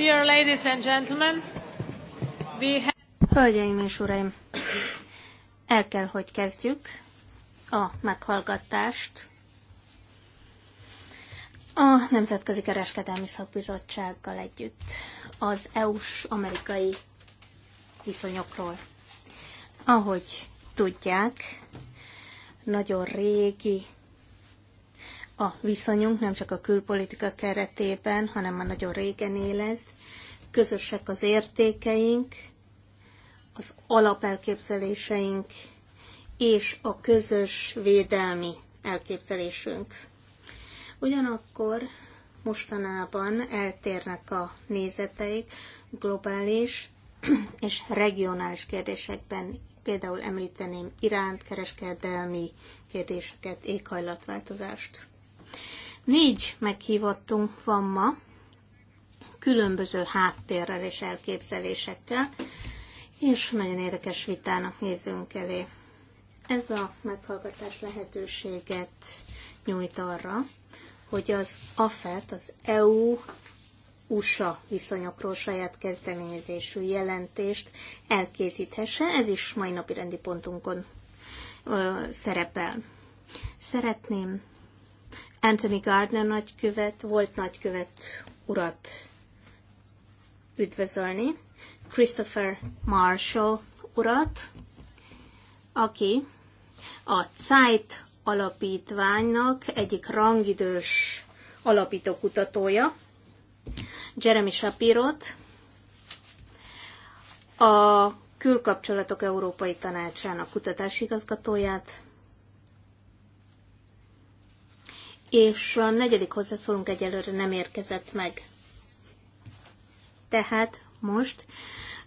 Dear ladies and gentlemen, we have... Hölgyeim és uraim, el kell, hogy kezdjük a meghallgatást a Nemzetközi Kereskedelmi Szakbizottsággal együtt az EU-s amerikai viszonyokról. Ahogy tudják, nagyon régi a viszonyunk nem csak a külpolitika keretében, hanem a nagyon régen élez. Közösek az értékeink, az alapelképzeléseink és a közös védelmi elképzelésünk. Ugyanakkor mostanában eltérnek a nézeteik globális és regionális kérdésekben. Például említeném Iránt kereskedelmi kérdéseket, éghajlatváltozást. Négy meghívottunk van ma, különböző háttérrel és elképzelésekkel, és nagyon érdekes vitának nézünk elé. Ez a meghallgatás lehetőséget nyújt arra, hogy az AFET, az EU USA viszonyokról saját kezdeményezésű jelentést elkészíthesse. Ez is mai napi rendi pontunkon ö, szerepel. Szeretném Anthony Gardner nagykövet, volt nagykövet urat üdvözölni, Christopher Marshall urat, aki a Zeit alapítványnak egyik rangidős alapító kutatója, Jeremy Shapirot, a Külkapcsolatok Európai Tanácsának kutatási igazgatóját, és a negyedik hozzászólunk egyelőre nem érkezett meg. Tehát most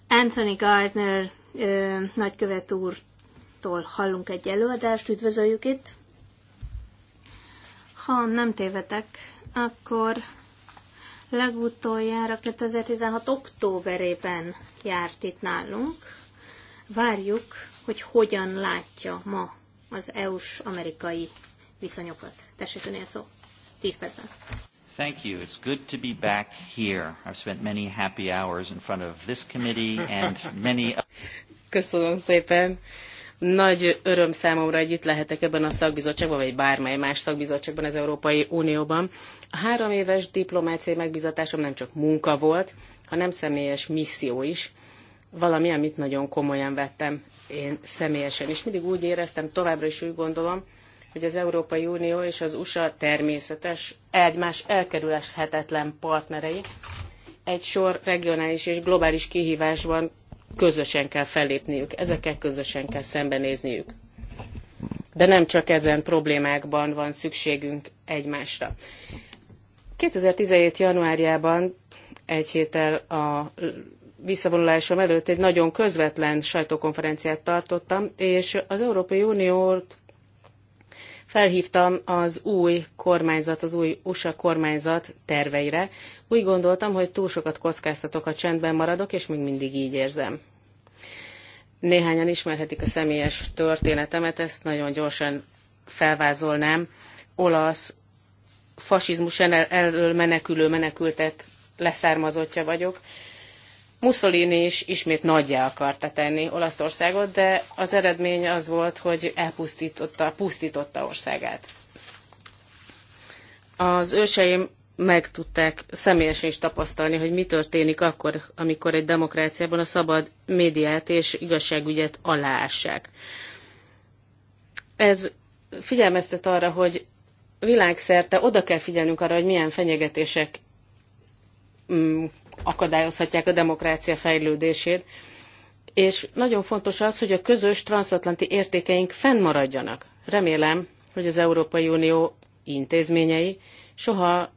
Anthony Gardner ö, nagykövet úrtól hallunk egy előadást, üdvözöljük itt. Ha nem tévedek, akkor legutoljára 2016. októberében járt itt nálunk. Várjuk, hogy hogyan látja ma az EU-s amerikai viszonyokat. Tessék önél szó. Tíz percben. Thank you. It's good to be back here. I've spent many happy hours in front of this committee and many... Köszönöm szépen. Nagy öröm számomra, hogy itt lehetek ebben a szakbizottságban, vagy bármely más szakbizottságban az Európai Unióban. A három éves diplomáciai megbizatásom nem csak munka volt, hanem személyes misszió is. Valami, amit nagyon komolyan vettem én személyesen. És mindig úgy éreztem, továbbra is úgy gondolom, hogy az Európai Unió és az USA természetes, egymás elkerülhetetlen partnerei egy sor regionális és globális kihívásban közösen kell fellépniük, ezekkel közösen kell szembenézniük. De nem csak ezen problémákban van szükségünk egymásra. 2017. januárjában egy héttel a visszavonulásom előtt egy nagyon közvetlen sajtókonferenciát tartottam, és az Európai Uniót felhívtam az új kormányzat, az új USA kormányzat terveire. Úgy gondoltam, hogy túl sokat kockáztatok, a csendben maradok, és még mindig így érzem. Néhányan ismerhetik a személyes történetemet, ezt nagyon gyorsan felvázolnám. Olasz fasizmus elől menekülő menekültek leszármazottja vagyok. Mussolini is ismét nagyjá akarta tenni Olaszországot, de az eredmény az volt, hogy elpusztította, pusztította országát. Az őseim meg tudták személyesen is tapasztalni, hogy mi történik akkor, amikor egy demokráciában a szabad médiát és igazságügyet aláássák. Ez figyelmeztet arra, hogy világszerte oda kell figyelnünk arra, hogy milyen fenyegetések mm, akadályozhatják a demokrácia fejlődését, és nagyon fontos az, hogy a közös transatlanti értékeink fennmaradjanak. Remélem, hogy az Európai Unió intézményei soha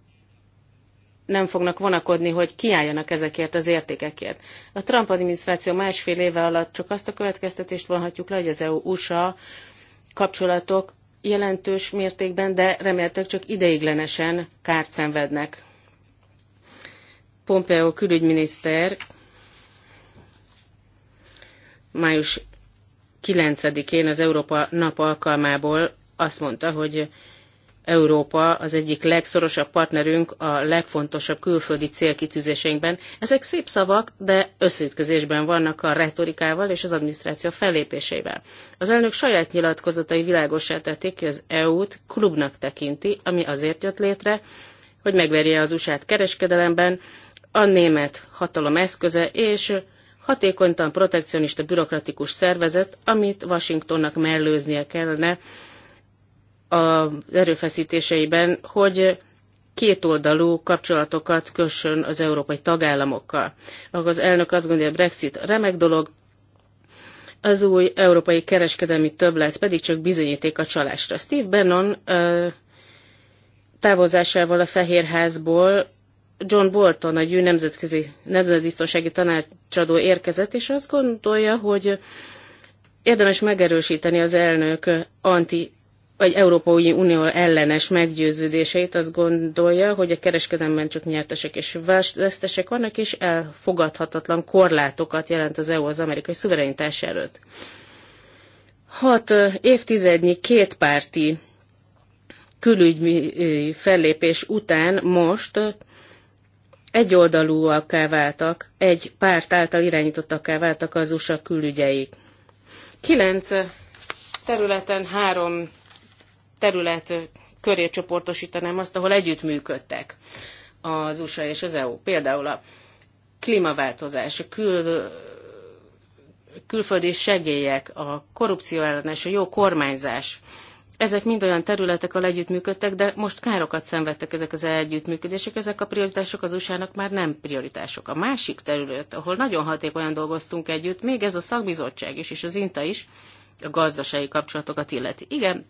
nem fognak vonakodni, hogy kiálljanak ezekért az értékekért. A Trump adminisztráció másfél éve alatt csak azt a következtetést vonhatjuk le, hogy az EU-USA kapcsolatok jelentős mértékben, de remélhetőleg csak ideiglenesen kárt szenvednek Pompeo külügyminiszter május 9-én az Európa nap alkalmából azt mondta, hogy Európa az egyik legszorosabb partnerünk a legfontosabb külföldi célkitűzéseinkben. Ezek szép szavak, de összeütközésben vannak a retorikával és az adminisztráció fellépéseivel. Az elnök saját nyilatkozatai világosá tették, hogy az EU-t klubnak tekinti, ami azért jött létre, hogy megverje az USA-t kereskedelemben, a német hatalom eszköze, és hatékonytan protekcionista bürokratikus szervezet, amit Washingtonnak mellőznie kellene az erőfeszítéseiben, hogy kétoldalú kapcsolatokat kössön az európai tagállamokkal. Az elnök azt gondolja, hogy Brexit remek dolog, az új európai kereskedelmi többlet pedig csak bizonyíték a csalásra. Steve Bannon távozásával a Fehérházból John Bolton, a gyűj nemzetközi nemzetbiztonsági tanácsadó érkezett, és azt gondolja, hogy érdemes megerősíteni az elnök anti vagy Európai Unió ellenes meggyőződéseit, azt gondolja, hogy a kereskedelemben csak nyertesek és vesztesek vannak, és elfogadhatatlan korlátokat jelent az EU az amerikai szuverenitás előtt. Hat évtizednyi kétpárti külügyi fellépés után most egyoldalúakká váltak, egy párt által irányítottakká váltak az USA külügyeik. Kilenc területen három terület köré csoportosítanám azt, ahol együttműködtek az USA és az EU. Például a klímaváltozás, a kül, külföldi segélyek, a korrupció ellenes, a jó kormányzás, ezek mind olyan területek, ahol együttműködtek, de most károkat szenvedtek ezek az együttműködések, ezek a prioritások az USA-nak már nem prioritások. A másik terület, ahol nagyon hatékonyan dolgoztunk együtt, még ez a szakbizottság is, és az INTA is, a gazdasági kapcsolatokat illeti. Igen,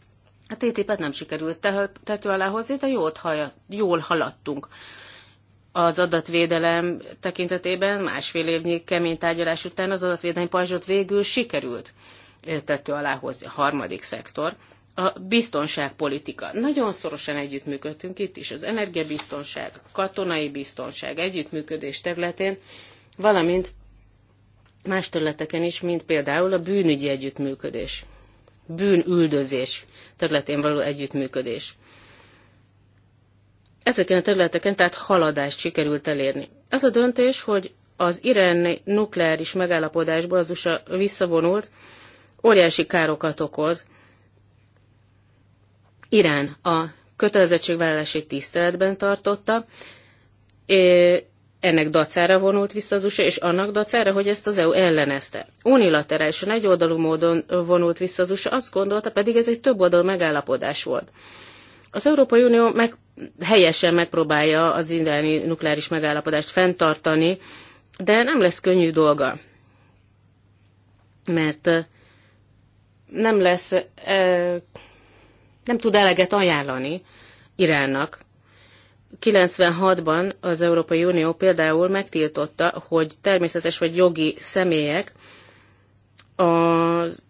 a TTIP-et nem sikerült tető alá hozni, de jót hajat, jól haladtunk. Az adatvédelem tekintetében másfél évnyi kemény tárgyalás után az adatvédelmi pajzsot végül sikerült eh, tető alá hozni. A harmadik szektor, a biztonságpolitika. Nagyon szorosan együttműködtünk itt is az energiabiztonság, katonai biztonság együttműködés területén, valamint más területeken is, mint például a bűnügyi együttműködés, bűnüldözés területén való együttműködés. Ezeken a területeken tehát haladást sikerült elérni. Az a döntés, hogy az iráni nukleáris megállapodásból az USA visszavonult, óriási károkat okoz, Irán a kötelezettségvállalásait tiszteletben tartotta, ennek dacára vonult vissza az USA, és annak dacára, hogy ezt az EU ellenezte. Unilaterálisan, egyoldalú módon vonult vissza az USA, azt gondolta, pedig ez egy több oldal megállapodás volt. Az Európai Unió meg helyesen megpróbálja az indiáni nukleáris megállapodást fenntartani, de nem lesz könnyű dolga. Mert nem lesz e, nem tud eleget ajánlani Iránnak. 96-ban az Európai Unió például megtiltotta, hogy természetes vagy jogi személyek az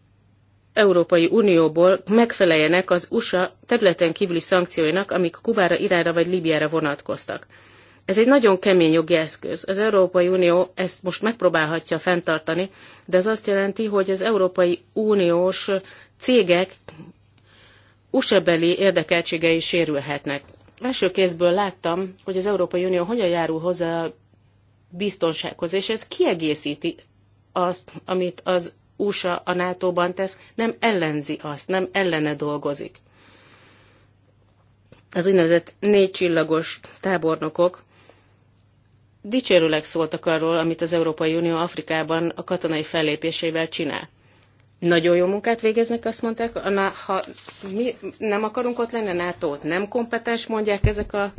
Európai Unióból megfeleljenek az USA területen kívüli szankcióinak, amik Kubára, Iránra vagy Libiára vonatkoztak. Ez egy nagyon kemény jogi eszköz. Az Európai Unió ezt most megpróbálhatja fenntartani, de ez azt jelenti, hogy az Európai Uniós cégek USA beli érdekeltségei sérülhetnek. Első kézből láttam, hogy az Európai Unió hogyan járul hozzá a biztonsághoz, és ez kiegészíti azt, amit az USA a NATO-ban tesz, nem ellenzi azt, nem ellene dolgozik. Az úgynevezett négy csillagos tábornokok dicsérőleg szóltak arról, amit az Európai Unió Afrikában a katonai fellépésével csinál nagyon jó munkát végeznek, azt mondták, na, ha mi nem akarunk ott lenni, a ott nem kompetens, mondják ezek a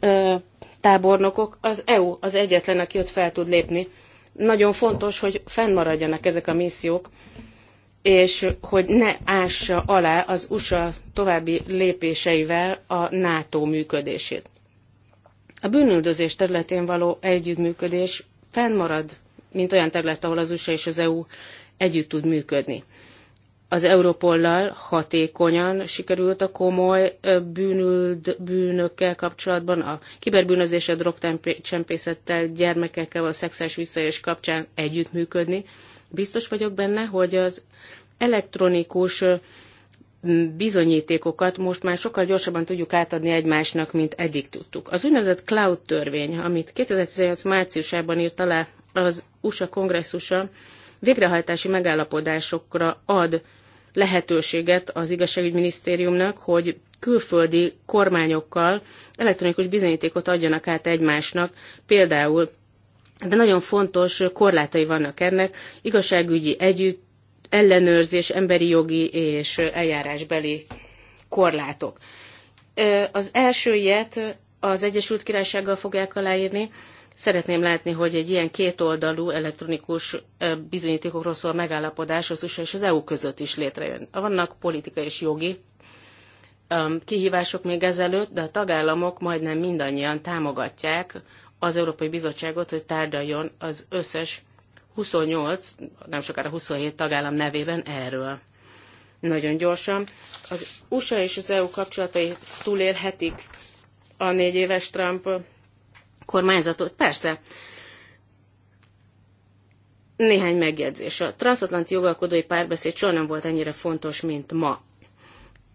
ö, tábornokok, az EU az egyetlen, aki ott fel tud lépni. Nagyon fontos, hogy fennmaradjanak ezek a missziók, és hogy ne ássa alá az USA további lépéseivel a NATO működését. A bűnüldözés területén való együttműködés fennmarad, mint olyan terület, ahol az USA és az EU együtt tud működni. Az Európollal hatékonyan sikerült a komoly bűnüld, bűnökkel kapcsolatban, a kiberbűnözés, a drogcsempészettel, gyermekekkel, a szexuális visszaélés kapcsán együttműködni. Biztos vagyok benne, hogy az elektronikus bizonyítékokat most már sokkal gyorsabban tudjuk átadni egymásnak, mint eddig tudtuk. Az úgynevezett cloud törvény, amit 2018 márciusában írt alá az USA kongresszusa, végrehajtási megállapodásokra ad lehetőséget az igazságügyminisztériumnak, hogy külföldi kormányokkal elektronikus bizonyítékot adjanak át egymásnak, például de nagyon fontos korlátai vannak ennek, igazságügyi együtt, ellenőrzés, emberi jogi és eljárásbeli korlátok. Az első ilyet az Egyesült Királysággal fogják aláírni, Szeretném látni, hogy egy ilyen kétoldalú elektronikus bizonyítékokról szól megállapodás az USA és az EU között is létrejön. Vannak politikai és jogi kihívások még ezelőtt, de a tagállamok majdnem mindannyian támogatják az Európai Bizottságot, hogy tárgyaljon az összes 28, nem sokára 27 tagállam nevében erről. Nagyon gyorsan. Az USA és az EU kapcsolatai túlélhetik a négy éves Trump kormányzatot. Persze, néhány megjegyzés. A transatlanti jogalkodói párbeszéd soha nem volt ennyire fontos, mint ma.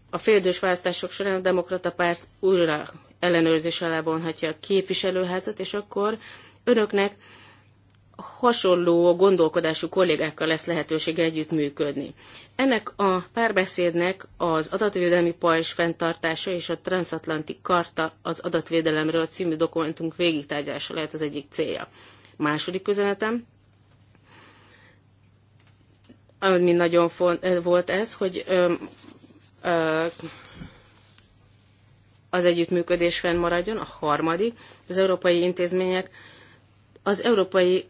A féldős választások során a demokrata párt újra ellenőrzés alá vonhatja a képviselőházat, és akkor önöknek hasonló gondolkodású kollégákkal lesz lehetőség együttműködni. Ennek a párbeszédnek az adatvédelmi pajzs fenntartása és a Transatlanti Karta az adatvédelemről című dokumentunk végigtárgyalása lehet az egyik célja. Második üzenetem, ami nagyon font, eh, volt ez, hogy ö, ö, az együttműködés fennmaradjon. A harmadik, az európai intézmények az európai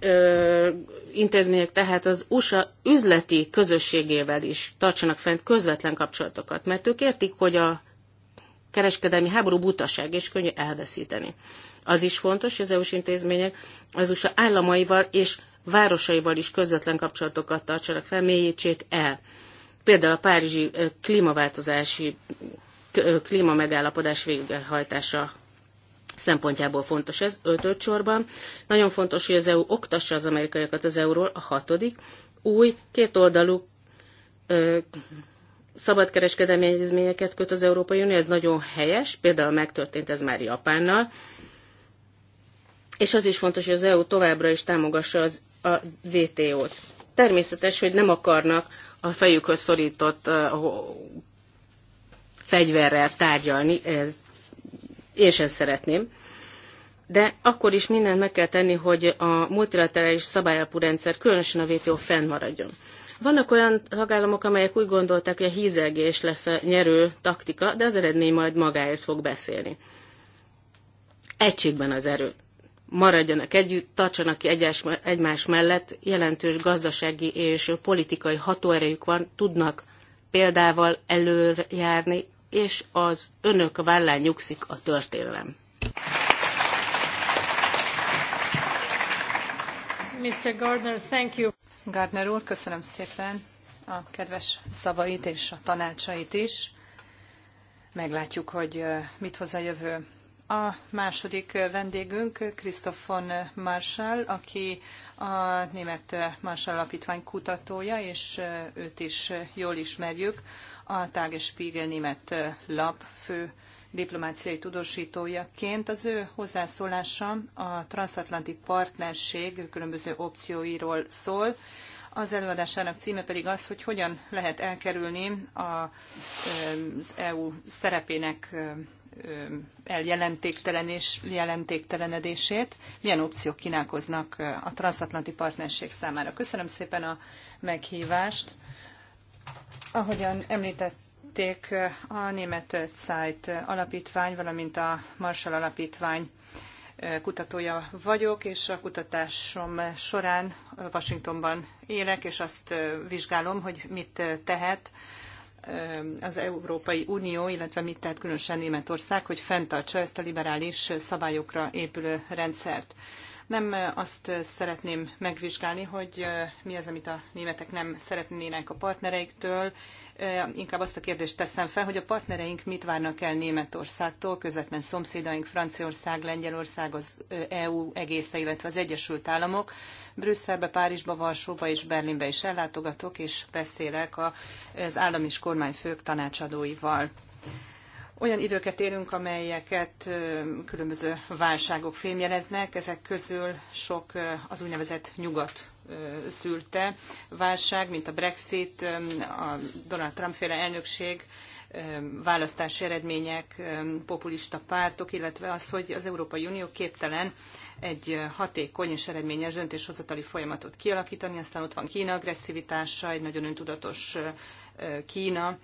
ö, intézmények tehát az USA üzleti közösségével is tartsanak fent közvetlen kapcsolatokat, mert ők értik, hogy a kereskedelmi háború butaság és könnyű elveszíteni. Az is fontos, hogy az EU-s intézmények az USA államaival és városaival is közvetlen kapcsolatokat tartsanak fel, mélyítsék el. Például a Párizsi klímaváltozási klímamegállapodás végrehajtása szempontjából fontos ez, ötöt sorban. Nagyon fontos, hogy az EU oktassa az amerikaiakat az euról, a hatodik. Új, kétoldalú szabadkereskedelmi egyezményeket köt az Európai Unió, ez nagyon helyes, például megtörtént ez már Japánnal, és az is fontos, hogy az EU továbbra is támogassa az, a vto t Természetes, hogy nem akarnak a fejükhöz szorított uh, fegyverrel tárgyalni, ez és ezt szeretném. De akkor is mindent meg kell tenni, hogy a multilaterális szabályalapú rendszer, különösen a WTO fennmaradjon. Vannak olyan tagállamok, amelyek úgy gondolták, hogy a hízelgés lesz a nyerő taktika, de az eredmény majd magáért fog beszélni. Egységben az erő. Maradjanak együtt, tartsanak ki egyás, egymás mellett, jelentős gazdasági és politikai hatóerejük van, tudnak példával előjárni, és az önök vállán nyugszik a történelem. Mr. Gardner, thank you. Gardner úr, köszönöm szépen a kedves szavait és a tanácsait is. Meglátjuk, hogy mit hoz a jövő. A második vendégünk Christoph von Marschall, aki a Német Marshall Alapítvány kutatója, és őt is jól ismerjük a Tagesspiegel német lap fő diplomáciai tudósítójaként. Az ő hozzászólása a transatlanti partnerség különböző opcióiról szól. Az előadásának címe pedig az, hogy hogyan lehet elkerülni az EU szerepének eljelentéktelen és jelentéktelenedését, milyen opciók kínálkoznak a transatlanti partnerség számára. Köszönöm szépen a meghívást. Ahogyan említették, a német Zeit alapítvány, valamint a Marshall alapítvány kutatója vagyok, és a kutatásom során Washingtonban élek, és azt vizsgálom, hogy mit tehet az Európai Unió, illetve mit tehet különösen Németország, hogy fenntartsa ezt a liberális szabályokra épülő rendszert. Nem azt szeretném megvizsgálni, hogy mi az, amit a németek nem szeretnének a partnereiktől. Inkább azt a kérdést teszem fel, hogy a partnereink mit várnak el Németországtól, közvetlen szomszédaink Franciaország, Lengyelország, az EU egésze, illetve az Egyesült Államok. Brüsszelbe, Párizsba, Varsóba és Berlinbe is ellátogatok, és beszélek az állam és kormányfők tanácsadóival. Olyan időket élünk, amelyeket különböző válságok fémjeleznek, ezek közül sok az úgynevezett nyugat szülte válság, mint a Brexit, a Donald Trump féle elnökség, választási eredmények, populista pártok, illetve az, hogy az Európai Unió képtelen egy hatékony és eredményes döntéshozatali folyamatot kialakítani. Aztán ott van Kína agresszivitása, egy nagyon öntudatos Kína,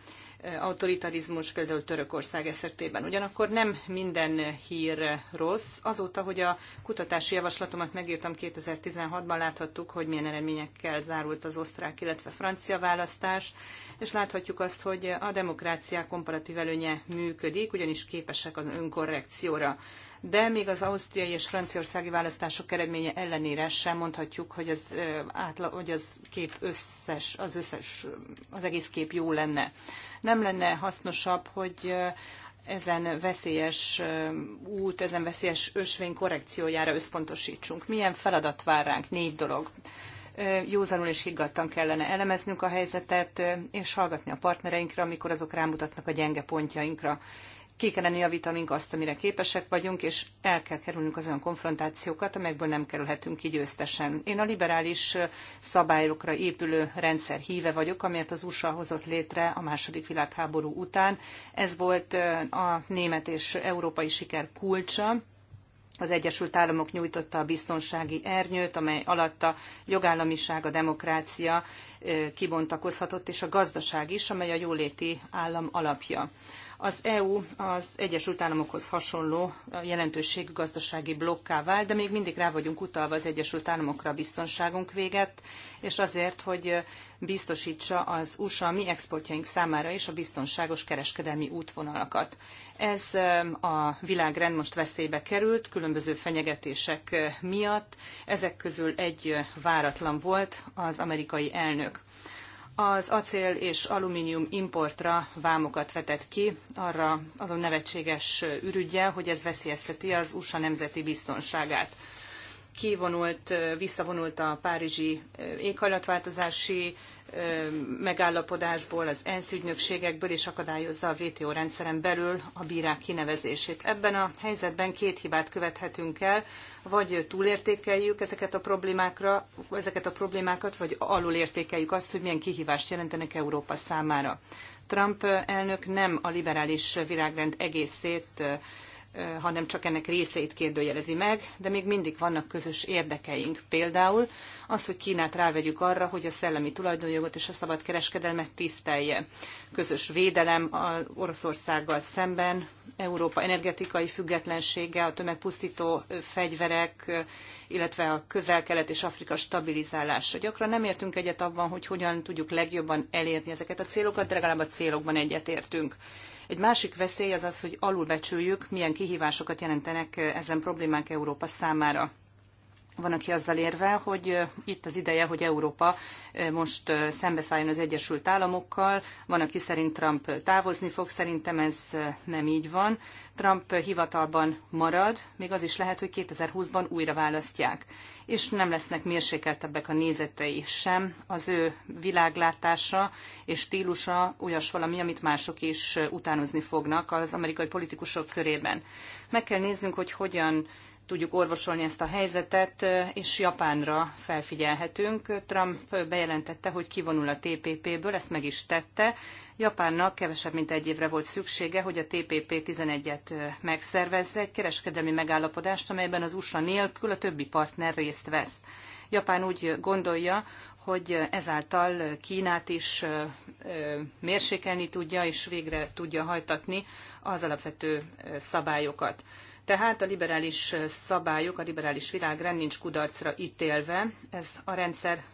autoritarizmus, például Törökország esetében. Ugyanakkor nem minden hír rossz. Azóta, hogy a kutatási javaslatomat megírtam 2016-ban, láthattuk, hogy milyen eredményekkel zárult az osztrák, illetve francia választás, és láthatjuk azt, hogy a demokrácia komparatív előnye működik, ugyanis képesek az önkorrekcióra de még az ausztriai és franciaországi választások eredménye ellenére sem mondhatjuk, hogy az, átla, hogy az kép összes, az összes, az egész kép jó lenne. Nem lenne hasznosabb, hogy ezen veszélyes út, ezen veszélyes ösvény korrekciójára összpontosítsunk. Milyen feladat vár ránk? Négy dolog. Józanul és higgadtan kellene elemeznünk a helyzetet, és hallgatni a partnereinkre, amikor azok rámutatnak a gyenge pontjainkra ki kellene javítanunk azt, amire képesek vagyunk, és el kell kerülnünk az olyan konfrontációkat, amelyekből nem kerülhetünk ki győztesen. Én a liberális szabályokra épülő rendszer híve vagyok, amelyet az USA hozott létre a második világháború után. Ez volt a német és európai siker kulcsa, az Egyesült Államok nyújtotta a biztonsági ernyőt, amely alatt a jogállamiság, a demokrácia kibontakozhatott, és a gazdaság is, amely a jóléti állam alapja. Az EU az Egyesült Államokhoz hasonló jelentőségű gazdasági blokká vált, de még mindig rá vagyunk utalva az Egyesült Államokra a biztonságunk véget, és azért, hogy biztosítsa az USA mi exportjaink számára is a biztonságos kereskedelmi útvonalakat. Ez a világrend most veszélybe került különböző fenyegetések miatt. Ezek közül egy váratlan volt az amerikai elnök az acél és alumínium importra vámokat vetett ki, arra azon nevetséges ürügye, hogy ez veszélyezteti az USA nemzeti biztonságát. Kivonult, visszavonult a párizsi eh, éghajlatváltozási megállapodásból, az ENSZ ügynökségekből, és akadályozza a WTO rendszeren belül a bírák kinevezését. Ebben a helyzetben két hibát követhetünk el, vagy túlértékeljük ezeket a, problémákra, ezeket a problémákat, vagy alulértékeljük azt, hogy milyen kihívást jelentenek Európa számára. Trump elnök nem a liberális világrend egészét hanem csak ennek részeit kérdőjelezi meg, de még mindig vannak közös érdekeink. Például az, hogy Kínát rávegyük arra, hogy a szellemi tulajdonjogot és a szabad kereskedelmet tisztelje. Közös védelem Oroszországgal szemben, Európa energetikai függetlensége, a tömegpusztító fegyverek, illetve a közel-kelet és Afrika stabilizálása. Gyakran nem értünk egyet abban, hogy hogyan tudjuk legjobban elérni ezeket a célokat, de legalább a célokban egyetértünk. Egy másik veszély az az, hogy alulbecsüljük, milyen kihívásokat jelentenek ezen problémák Európa számára van, aki azzal érve, hogy itt az ideje, hogy Európa most szembeszálljon az Egyesült Államokkal. Van, aki szerint Trump távozni fog, szerintem ez nem így van. Trump hivatalban marad, még az is lehet, hogy 2020-ban újra választják. És nem lesznek mérsékeltebbek a nézetei sem. Az ő világlátása és stílusa olyas valami, amit mások is utánozni fognak az amerikai politikusok körében. Meg kell néznünk, hogy hogyan tudjuk orvosolni ezt a helyzetet, és Japánra felfigyelhetünk. Trump bejelentette, hogy kivonul a TPP-ből, ezt meg is tette. Japánnak kevesebb, mint egy évre volt szüksége, hogy a TPP 11-et megszervezze, egy kereskedelmi megállapodást, amelyben az USA nélkül a többi partner részt vesz. Japán úgy gondolja, hogy ezáltal Kínát is mérsékelni tudja, és végre tudja hajtatni az alapvető szabályokat. Tehát a liberális szabályok, a liberális világrend nincs kudarcra ítélve, ez a rendszer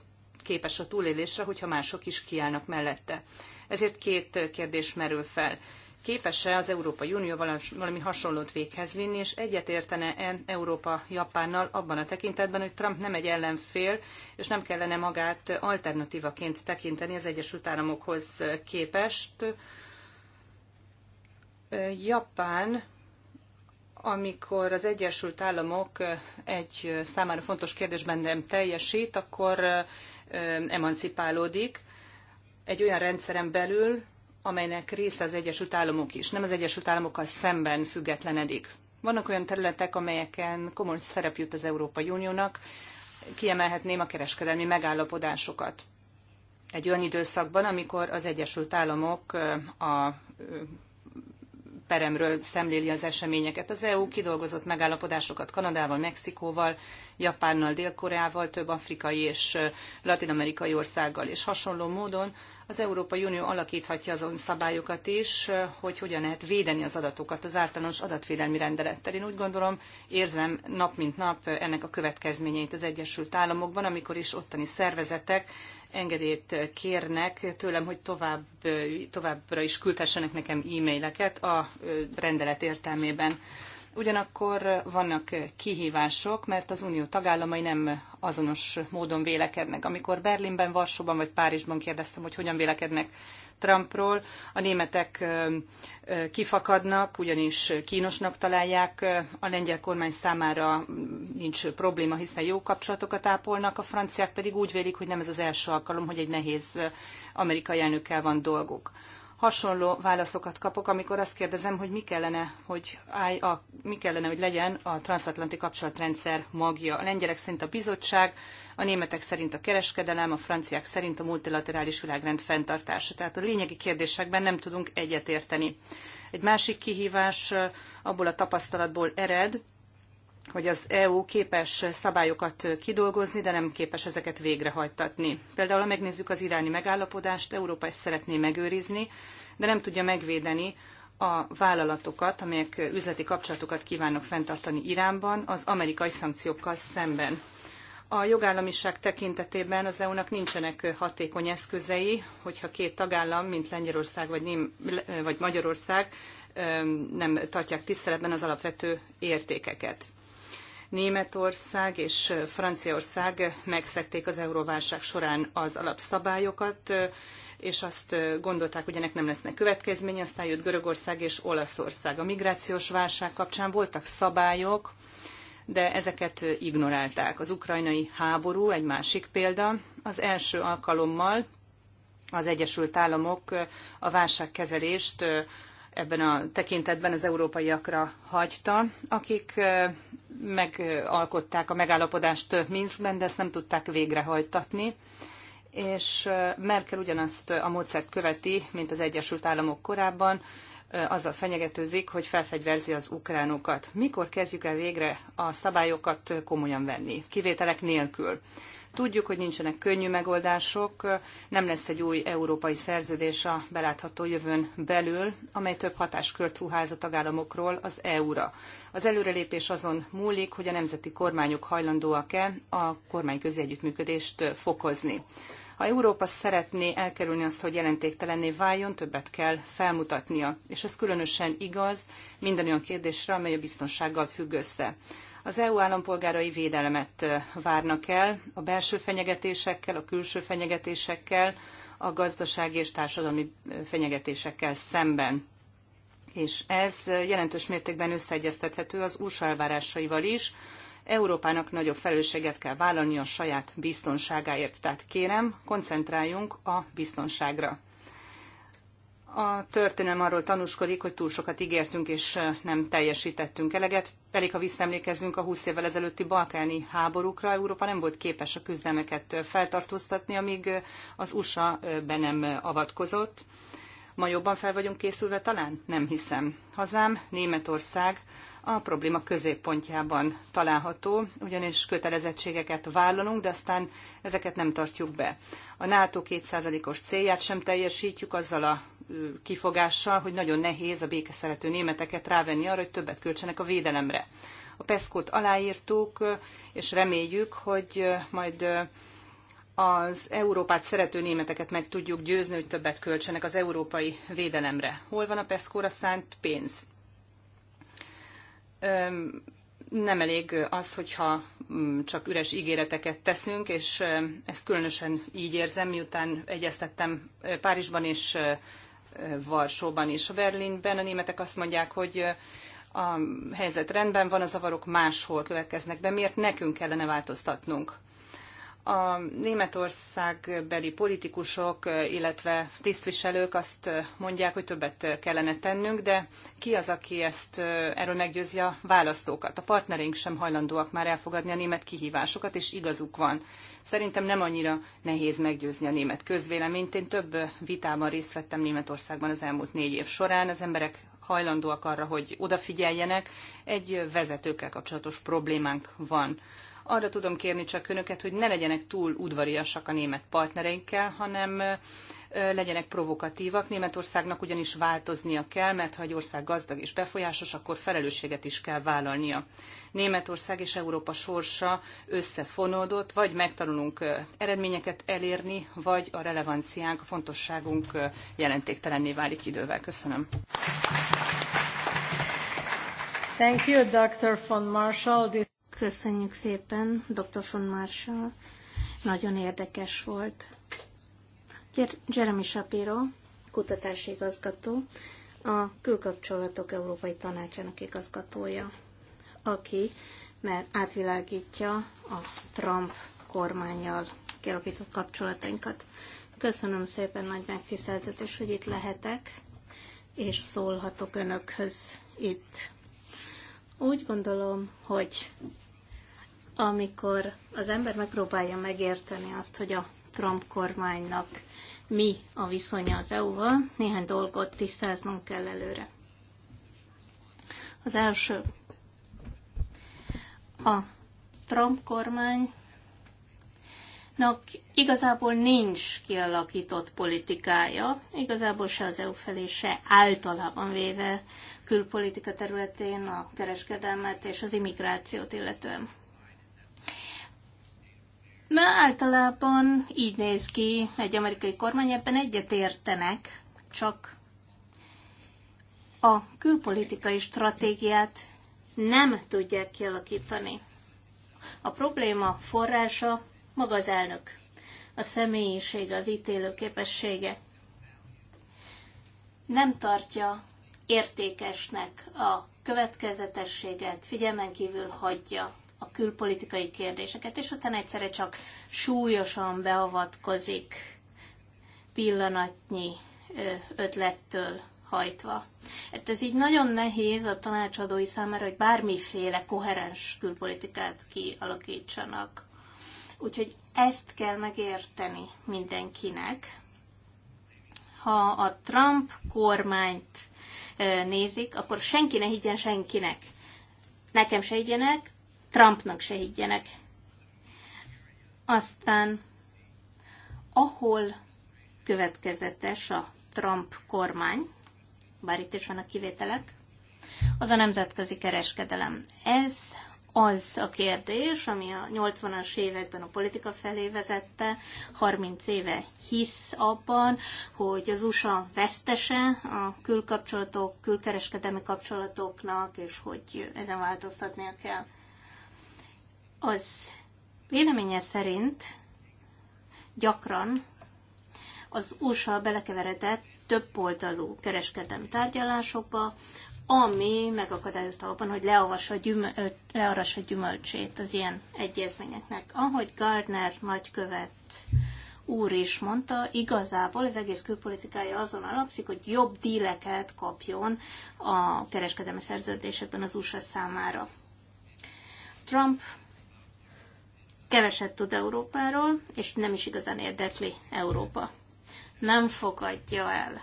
képes a túlélésre, hogyha mások is kiállnak mellette. Ezért két kérdés merül fel. Képes-e az Európai Unió valami hasonlót véghez vinni, és egyetértene-e Európa Japánnal abban a tekintetben, hogy Trump nem egy ellenfél, és nem kellene magát alternatívaként tekinteni az Egyesült Államokhoz képest? Japán amikor az Egyesült Államok eh, egy eh, számára fontos kérdésben nem teljesít, akkor eh, emancipálódik egy olyan rendszeren belül, amelynek része az Egyesült Államok is. Nem az Egyesült Államokkal szemben függetlenedik. Vannak olyan területek, amelyeken komoly szerep jut az Európai Uniónak, kiemelhetném a kereskedelmi megállapodásokat. Egy olyan időszakban, amikor az Egyesült Államok a peremről szemléli az eseményeket. Az EU kidolgozott megállapodásokat Kanadával, Mexikóval, Japánnal, Dél-Koreával, több afrikai és latin-amerikai országgal, és hasonló módon az Európai Unió alakíthatja azon szabályokat is, hogy hogyan lehet védeni az adatokat az általános adatvédelmi rendelettel. Én úgy gondolom, érzem nap mint nap ennek a következményeit az Egyesült Államokban, amikor is ottani szervezetek engedélyt kérnek tőlem, hogy tovább, továbbra is küldhessenek nekem e-maileket a rendelet értelmében. Ugyanakkor vannak kihívások, mert az unió tagállamai nem azonos módon vélekednek. Amikor Berlinben, Varsóban vagy Párizsban kérdeztem, hogy hogyan vélekednek Trumpról, a németek kifakadnak, ugyanis kínosnak találják, a lengyel kormány számára nincs probléma, hiszen jó kapcsolatokat ápolnak, a franciák pedig úgy vélik, hogy nem ez az első alkalom, hogy egy nehéz amerikai elnökkel van dolguk hasonló válaszokat kapok, amikor azt kérdezem, hogy mi kellene, hogy, állj a, mi kellene, hogy legyen a transatlanti kapcsolatrendszer magja. A lengyelek szerint a bizottság, a németek szerint a kereskedelem, a franciák szerint a multilaterális világrend fenntartása. Tehát a lényegi kérdésekben nem tudunk egyetérteni. Egy másik kihívás abból a tapasztalatból ered, hogy az EU képes szabályokat kidolgozni, de nem képes ezeket végrehajtatni. Például, ha megnézzük az iráni megállapodást, Európa ezt szeretné megőrizni, de nem tudja megvédeni a vállalatokat, amelyek üzleti kapcsolatokat kívánnak fenntartani Iránban, az amerikai szankciókkal szemben. A jogállamiság tekintetében az EU-nak nincsenek hatékony eszközei, hogyha két tagállam, mint Lengyelország vagy, Ném, vagy Magyarország nem tartják tiszteletben az alapvető értékeket. Németország és Franciaország megszekték az euróválság során az alapszabályokat, és azt gondolták, hogy ennek nem lesznek következménye, aztán jött Görögország és Olaszország. A migrációs válság kapcsán voltak szabályok, de ezeket ignorálták. Az ukrajnai háború egy másik példa. Az első alkalommal az Egyesült Államok a válságkezelést ebben a tekintetben az európaiakra hagyta, akik megalkották a megállapodást Minskben, de ezt nem tudták végrehajtatni és Merkel ugyanazt a módszert követi, mint az Egyesült Államok korábban, azzal fenyegetőzik, hogy felfegyverzi az ukránokat. Mikor kezdjük el végre a szabályokat komolyan venni, kivételek nélkül? Tudjuk, hogy nincsenek könnyű megoldások, nem lesz egy új európai szerződés a belátható jövőn belül, amely több hatáskört ruház a tagállamokról az EU-ra. Az előrelépés azon múlik, hogy a nemzeti kormányok hajlandóak-e a kormányközi együttműködést fokozni. Ha Európa szeretné elkerülni azt, hogy jelentéktelenné váljon, többet kell felmutatnia. És ez különösen igaz minden olyan kérdésre, amely a biztonsággal függ össze. Az EU állampolgárai védelemet várnak el a belső fenyegetésekkel, a külső fenyegetésekkel, a gazdasági és társadalmi fenyegetésekkel szemben. És ez jelentős mértékben összeegyeztethető az USA elvárásaival is. Európának nagyobb felelősséget kell vállalni a saját biztonságáért. Tehát kérem, koncentráljunk a biztonságra a történelem arról tanúskodik, hogy túl sokat ígértünk és nem teljesítettünk eleget, pedig ha visszaemlékezzünk a 20 évvel ezelőtti balkáni háborúkra, Európa nem volt képes a küzdelmeket feltartóztatni, amíg az USA be nem avatkozott. Ma jobban fel vagyunk készülve talán? Nem hiszem. Hazám, Németország a probléma középpontjában található, ugyanis kötelezettségeket vállalunk, de aztán ezeket nem tartjuk be. A NATO 2%-os célját sem teljesítjük azzal a kifogással, hogy nagyon nehéz a békeszerető németeket rávenni arra, hogy többet költsenek a védelemre. A PESCO-t aláírtuk, és reméljük, hogy majd az Európát szerető németeket meg tudjuk győzni, hogy többet költsenek az európai védelemre. Hol van a pesco szánt pénz? nem elég az, hogyha mm, csak üres ígéreteket teszünk, és ezt különösen így érzem, miután egyeztettem Párizsban és Varsóban és Berlinben. A németek azt mondják, hogy a helyzet rendben van, a zavarok máshol következnek be, miért nekünk kellene változtatnunk a németországbeli politikusok, illetve tisztviselők azt mondják, hogy többet kellene tennünk, de ki az, aki ezt erről meggyőzi a választókat? A partnereink sem hajlandóak már elfogadni a német kihívásokat, és igazuk van. Szerintem nem annyira nehéz meggyőzni a német közvéleményt. Én több vitában részt vettem Németországban az elmúlt négy év során. Az emberek hajlandóak arra, hogy odafigyeljenek. Egy vezetőkkel kapcsolatos problémánk van arra tudom kérni csak önöket, hogy ne legyenek túl udvariasak a német partnereinkkel, hanem legyenek provokatívak. Németországnak ugyanis változnia kell, mert ha egy ország gazdag és befolyásos, akkor felelősséget is kell vállalnia. Németország és Európa sorsa összefonódott, vagy megtanulunk eredményeket elérni, vagy a relevanciánk, a fontosságunk jelentéktelenné válik idővel. Köszönöm. Thank you, Dr. von Marshall. Köszönjük szépen, dr. von Marshall. Nagyon érdekes volt. Jeremy Shapiro, kutatási igazgató, a Külkapcsolatok Európai Tanácsának igazgatója, aki mert átvilágítja a Trump kormányjal kialakított kapcsolatainkat. Köszönöm szépen, nagy megtiszteltetés, hogy itt lehetek, és szólhatok önökhöz itt. Úgy gondolom, hogy amikor az ember megpróbálja megérteni azt, hogy a Trump kormánynak mi a viszonya az EU-val, néhány dolgot tisztáznunk kell előre. Az első. A Trump kormánynak igazából nincs kialakított politikája, igazából se az EU felé, se általában véve külpolitika területén a kereskedelmet és az immigrációt illetően. Mert általában így néz ki egy amerikai kormány, ebben egyet értenek, csak a külpolitikai stratégiát nem tudják kialakítani. A probléma forrása maga az elnök, a személyisége, az ítélő képessége. Nem tartja értékesnek a következetességet, figyelmen kívül hagyja a külpolitikai kérdéseket, és aztán egyszerre csak súlyosan beavatkozik pillanatnyi ötlettől hajtva. Hát ez így nagyon nehéz a tanácsadói számára, hogy bármiféle koherens külpolitikát kialakítsanak. Úgyhogy ezt kell megérteni mindenkinek. Ha a Trump kormányt nézik, akkor senki ne higgyen senkinek. Nekem se higgyenek, Trumpnak se higgyenek. Aztán, ahol következetes a Trump kormány, bár itt is vannak kivételek, az a nemzetközi kereskedelem. Ez az a kérdés, ami a 80-as években a politika felé vezette, 30 éve hisz abban, hogy az USA vesztese a külkapcsolatok, külkereskedelmi kapcsolatoknak, és hogy ezen változtatnia kell az véleménye szerint gyakran az USA belekeveredett több oldalú kereskedelmi tárgyalásokba, ami megakadályozta abban, hogy leavassa gyümöl, learassa gyümölcsét az ilyen egyezményeknek. Ahogy Gardner nagykövet úr is mondta, igazából az egész külpolitikája azon alapszik, hogy jobb díleket kapjon a kereskedelmi szerződésekben az USA számára. Trump keveset tud Európáról, és nem is igazán érdekli Európa. Nem fogadja el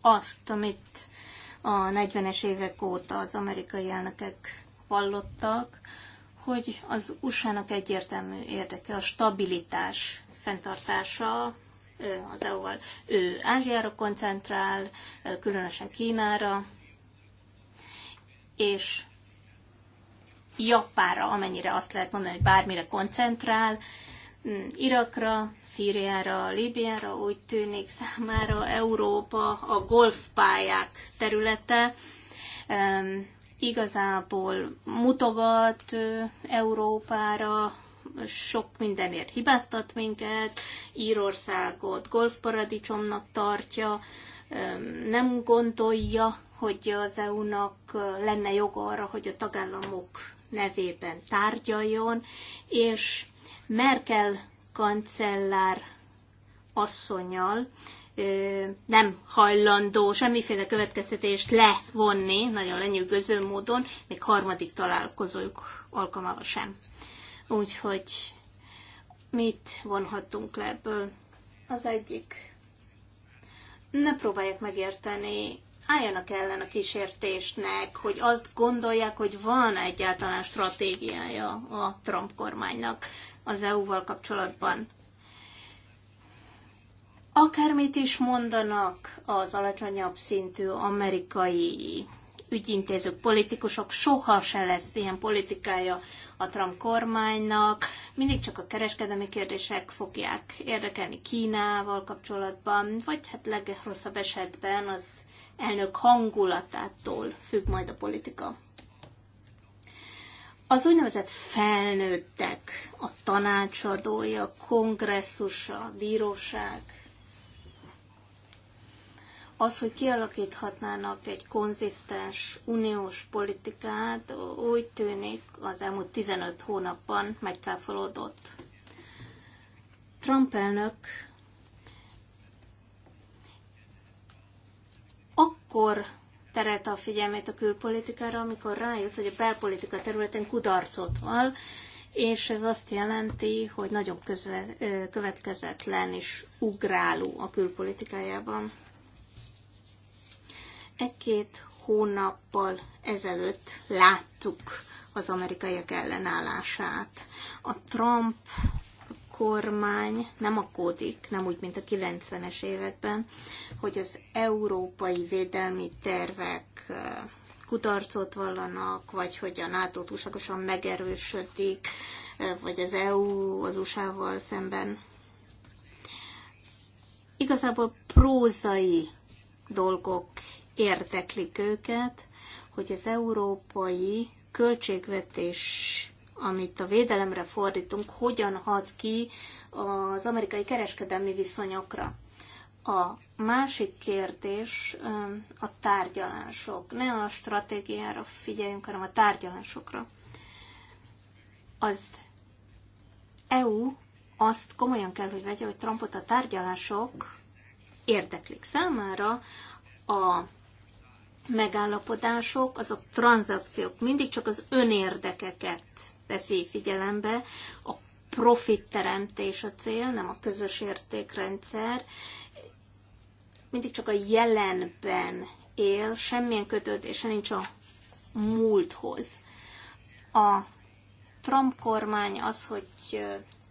azt, amit a 40-es évek óta az amerikai elnökek vallottak, hogy az USA-nak egyértelmű érdeke a stabilitás fenntartása az EU-val. Ő Ázsiára koncentrál, különösen Kínára, és Japára, amennyire azt lehet mondani, hogy bármire koncentrál, hmm, Irakra, Szíriára, Líbiára, úgy tűnik számára Európa, a golfpályák területe igazából mutogat Európára, sok mindenért hibáztat minket, Írországot golfparadicsomnak tartja, nem gondolja, hogy az EU-nak lenne joga arra, hogy a tagállamok nevében tárgyaljon, és Merkel kancellár asszonyal nem hajlandó semmiféle következtetést levonni, nagyon lenyűgöző módon, még harmadik találkozójuk alkalmával sem. Úgyhogy mit vonhatunk le ebből? Az egyik. Ne próbálják megérteni álljanak ellen a kísértésnek, hogy azt gondolják, hogy van egyáltalán stratégiája a Trump kormánynak az EU-val kapcsolatban. Akármit is mondanak az alacsonyabb szintű amerikai ügyintézők, politikusok, soha se lesz ilyen politikája a Trump kormánynak, mindig csak a kereskedelmi kérdések fogják érdekelni Kínával kapcsolatban, vagy hát legrosszabb esetben az elnök hangulatától függ majd a politika. Az úgynevezett felnőttek, a tanácsadója, a kongresszusa, a bíróság, az, hogy kialakíthatnának egy konzisztens uniós politikát, úgy tűnik az elmúlt 15 hónapban megtáfolódott. Trump elnök akkor terelte a figyelmét a külpolitikára, amikor rájött, hogy a belpolitika területén kudarcot val, és ez azt jelenti, hogy nagyon közve, következetlen és ugráló a külpolitikájában. Egy-két hónappal ezelőtt láttuk az amerikaiak ellenállását. A Trump kormány nem akódik, nem úgy, mint a 90-es években, hogy az európai védelmi tervek kutarcot vallanak, vagy hogy a NATO túlságosan megerősödik, vagy az EU az USA-val szemben. Igazából prózai dolgok érdeklik őket, hogy az európai költségvetés amit a védelemre fordítunk, hogyan hat ki az amerikai kereskedelmi viszonyokra. A másik kérdés a tárgyalások. Ne a stratégiára figyeljünk, hanem a tárgyalásokra. Az EU azt komolyan kell, hogy vegye, hogy Trumpot a tárgyalások érdeklik számára, a megállapodások, azok tranzakciók, mindig csak az önérdekeket veszi figyelembe, a profitteremtés a cél, nem a közös értékrendszer. Mindig csak a jelenben él, semmilyen kötődése nincs a múlthoz. A Trump kormány az, hogy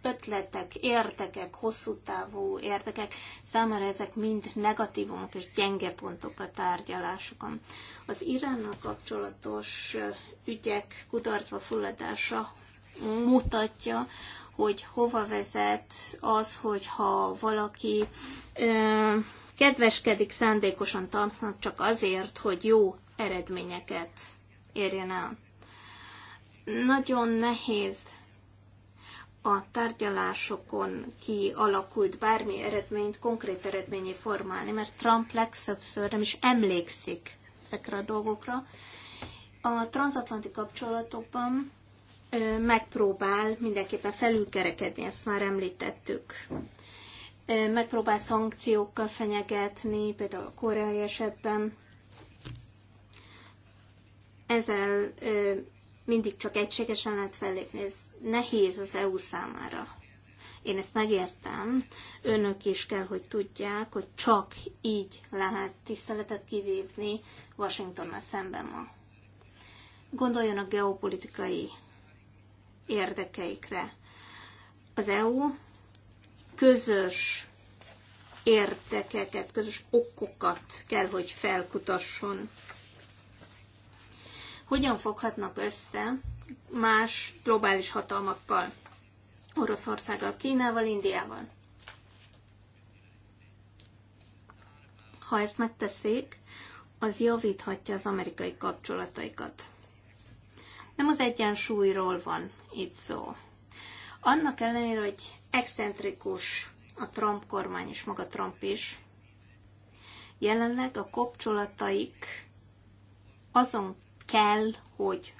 ötletek, értekek, hosszú távú értekek, számára ezek mind negatívumok és gyenge pontok a tárgyalásokon. Az Iránnal kapcsolatos ügyek kudarcba fulladása mutatja, hogy hova vezet az, hogyha valaki ö, kedveskedik szándékosan tartnak csak azért, hogy jó eredményeket érjen el. Nagyon nehéz a tárgyalásokon kialakult bármi eredményt konkrét eredményé formálni, mert Trump legszöbbször nem is emlékszik ezekre a dolgokra. A transatlanti kapcsolatokban megpróbál mindenképpen felülkerekedni, ezt már említettük. Megpróbál szankciókkal fenyegetni, például a koreai esetben. Ezzel mindig csak egységesen lehet fellépni, ez nehéz az EU számára. Én ezt megértem. Önök is kell, hogy tudják, hogy csak így lehet tiszteletet kivívni Washingtonnal szemben ma. Gondoljon a geopolitikai érdekeikre. Az EU közös érdekeket, közös okokat kell, hogy felkutasson hogyan foghatnak össze más globális hatalmakkal, Oroszországgal, Kínával, Indiával. Ha ezt megteszik, az javíthatja az amerikai kapcsolataikat. Nem az egyensúlyról van itt szó. Annak ellenére, hogy excentrikus a Trump kormány és maga Trump is, jelenleg a kapcsolataik azon kell, hogy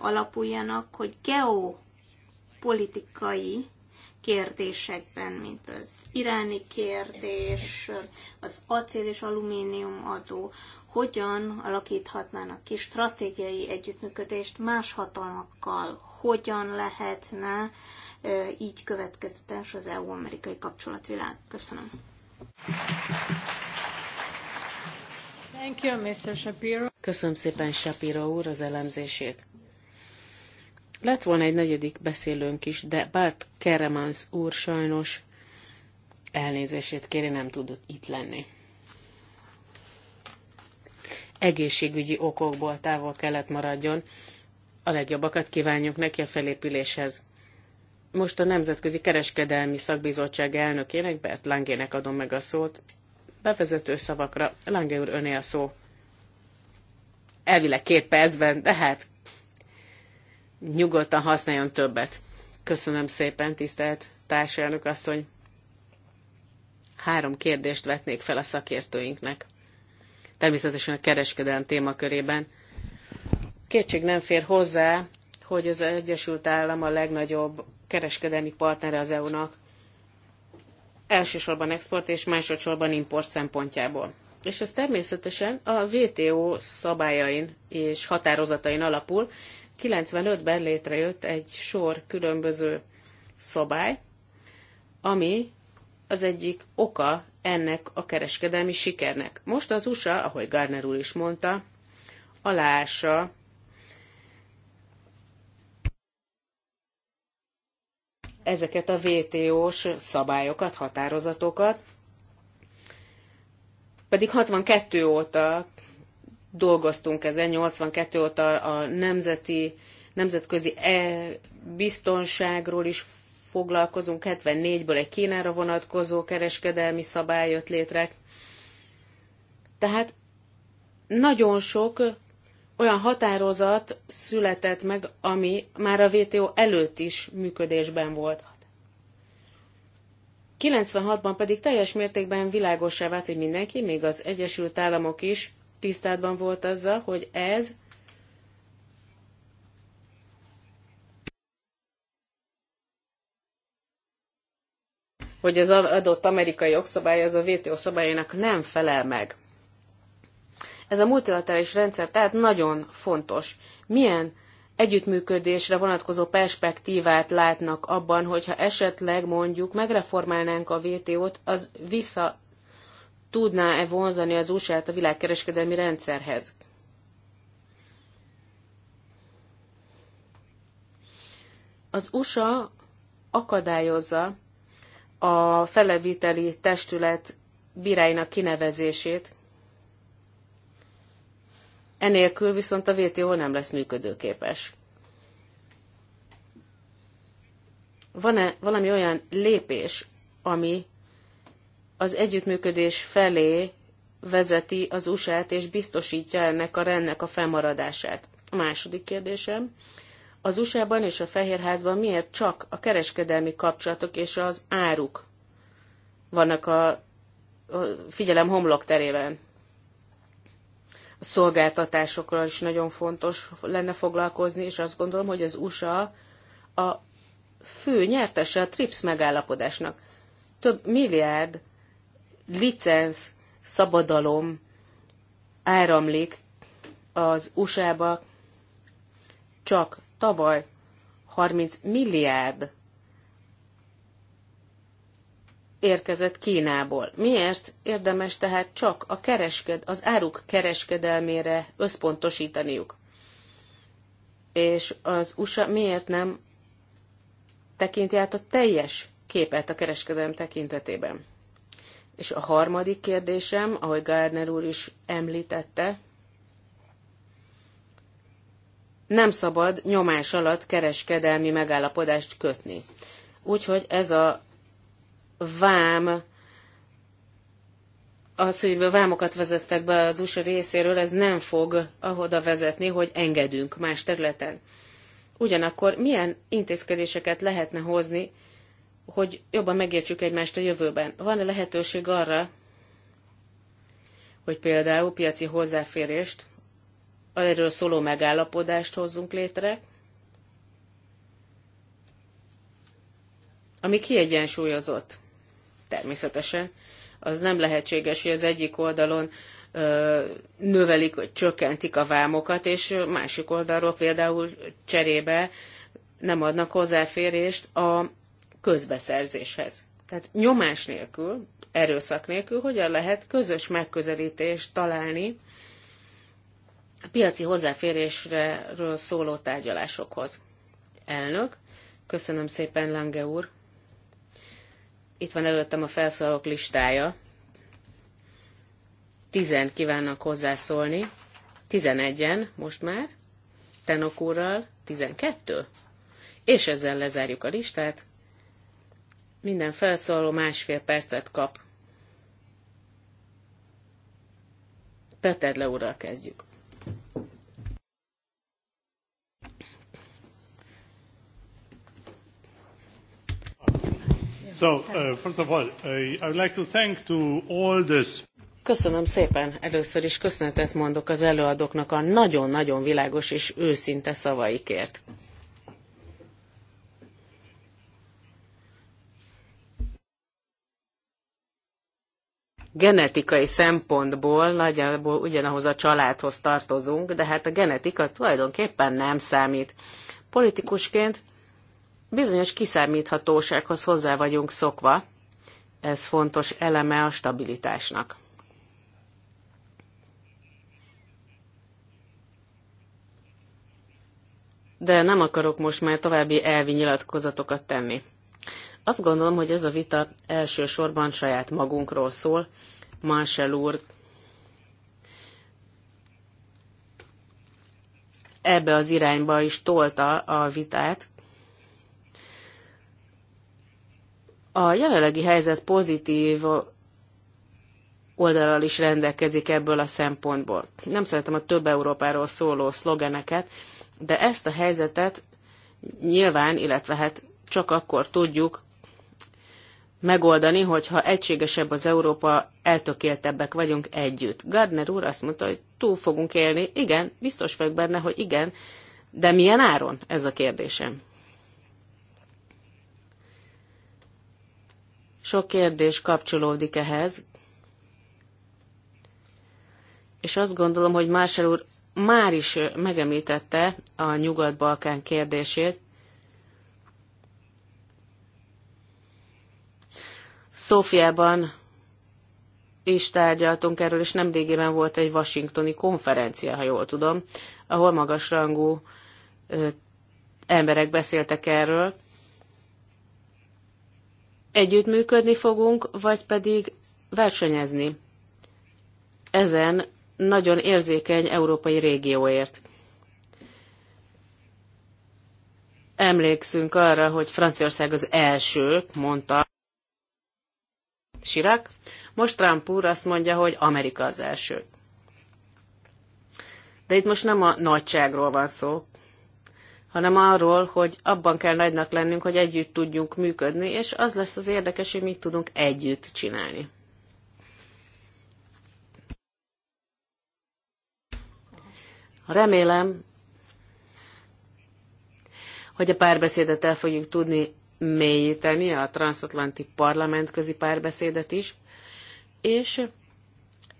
alapuljanak, hogy geopolitikai kérdésekben, mint az iráni kérdés, az acél és alumínium adó, hogyan alakíthatnának ki stratégiai együttműködést más hatalmakkal, hogyan lehetne így következetes az EU-amerikai kapcsolatvilág. Köszönöm. Thank you, Mr. Shapiro. Köszönöm szépen Shapiro úr az elemzését. Lett volna egy negyedik beszélőnk is, de Bart Keremans úr sajnos elnézését kéri, nem tudott itt lenni. Egészségügyi okokból távol kellett maradjon, a legjobbakat kívánjuk neki a felépüléshez. Most a Nemzetközi Kereskedelmi Szakbizottság elnökének, Bert Langének adom meg a szót, bevezető szavakra. Lange úr, öné a szó. Elvileg két percben, de hát nyugodtan használjon többet. Köszönöm szépen, tisztelt társelnök asszony. Három kérdést vetnék fel a szakértőinknek. Természetesen a kereskedelem témakörében. Kétség nem fér hozzá, hogy az Egyesült Állam a legnagyobb kereskedelmi partnere az EU-nak, elsősorban export és másodszorban import szempontjából. És ez természetesen a WTO szabályain és határozatain alapul. 95-ben létrejött egy sor különböző szabály, ami az egyik oka ennek a kereskedelmi sikernek. Most az USA, ahogy Garner úr is mondta, aláássa ezeket a VTO-s szabályokat, határozatokat, pedig 62 óta dolgoztunk ezen, 82 óta a nemzeti, nemzetközi e biztonságról is foglalkozunk, 74-ből egy Kínára vonatkozó kereskedelmi szabály jött létre. Tehát nagyon sok olyan határozat született meg, ami már a WTO előtt is működésben volt. 96-ban pedig teljes mértékben világosá vált, hogy mindenki, még az Egyesült Államok is tisztában volt azzal, hogy ez hogy az adott amerikai jogszabály az a WTO szabályának nem felel meg. Ez a multilaterális rendszer tehát nagyon fontos. Milyen együttműködésre vonatkozó perspektívát látnak abban, hogyha esetleg mondjuk megreformálnánk a vto t az vissza tudná-e vonzani az usa a világkereskedelmi rendszerhez? Az USA akadályozza a feleviteli testület bíráinak kinevezését, Enélkül viszont a WTO nem lesz működőképes. Van-e valami olyan lépés, ami az együttműködés felé vezeti az USA-t és biztosítja ennek a rendnek a fennmaradását? A második kérdésem. Az USA-ban és a Fehérházban miért csak a kereskedelmi kapcsolatok és az áruk vannak a, a figyelem homlok terében? szolgáltatásokról is nagyon fontos lenne foglalkozni, és azt gondolom, hogy az USA a fő nyertese a TRIPS megállapodásnak. Több milliárd licenc, szabadalom áramlik az USA-ba, csak tavaly 30 milliárd érkezett Kínából. Miért érdemes tehát csak a keresked, az áruk kereskedelmére összpontosítaniuk? És az USA miért nem tekinti át a teljes képet a kereskedelem tekintetében? És a harmadik kérdésem, ahogy Gardner úr is említette, nem szabad nyomás alatt kereskedelmi megállapodást kötni. Úgyhogy ez a vám, az, hogy a vámokat vezettek be az USA részéről, ez nem fog ahoda vezetni, hogy engedünk más területen. Ugyanakkor milyen intézkedéseket lehetne hozni, hogy jobban megértsük egymást a jövőben? Van-e lehetőség arra, hogy például piaci hozzáférést, erről szóló megállapodást hozzunk létre, ami kiegyensúlyozott természetesen az nem lehetséges, hogy az egyik oldalon növelik vagy csökkentik a vámokat, és másik oldalról például cserébe nem adnak hozzáférést a közbeszerzéshez. Tehát nyomás nélkül, erőszak nélkül hogyan lehet közös megközelítést találni a piaci hozzáférésről szóló tárgyalásokhoz. Elnök, köszönöm szépen, Lange úr! Itt van előttem a felszólalók listája. Tizen kívánnak hozzászólni. Tizenegyen most már. Tenok úrral. Tizenkettő. És ezzel lezárjuk a listát. Minden felszólaló másfél percet kap. Peter Leurral kezdjük. So, uh, first of all, uh, I would like to thank to all this. Köszönöm szépen. Először is köszönetet mondok az előadóknak a nagyon-nagyon világos és őszinte szavaikért. genetikai szempontból nagyjából ugyanahoz a családhoz tartozunk, de hát a genetika tulajdonképpen nem számít. Politikusként Bizonyos kiszámíthatósághoz hozzá vagyunk szokva, ez fontos eleme a stabilitásnak. De nem akarok most már további elvi nyilatkozatokat tenni. Azt gondolom, hogy ez a vita elsősorban saját magunkról szól. Marshall úr ebbe az irányba is tolta a vitát, A jelenlegi helyzet pozitív oldalal is rendelkezik ebből a szempontból. Nem szeretem a több Európáról szóló szlogeneket, de ezt a helyzetet nyilván, illetve hát csak akkor tudjuk megoldani, hogyha egységesebb az Európa, eltökéltebbek vagyunk együtt. Gardner úr azt mondta, hogy túl fogunk élni. Igen, biztos vagyok benne, hogy igen, de milyen áron? Ez a kérdésem. Sok kérdés kapcsolódik ehhez, és azt gondolom, hogy Mársel úr már is megemlítette a Nyugat-Balkán kérdését. Szófiában is tárgyaltunk erről, és nemrégében volt egy washingtoni konferencia, ha jól tudom, ahol magasrangú emberek beszéltek erről, együttműködni fogunk, vagy pedig versenyezni ezen nagyon érzékeny európai régióért. Emlékszünk arra, hogy Franciaország az első, mondta Sirak, most Trump úr azt mondja, hogy Amerika az első. De itt most nem a nagyságról van szó, hanem arról, hogy abban kell nagynak lennünk, hogy együtt tudjunk működni, és az lesz az érdekes, hogy mit tudunk együtt csinálni. Remélem, hogy a párbeszédet el fogjuk tudni mélyíteni, a transatlanti parlamentközi párbeszédet is, és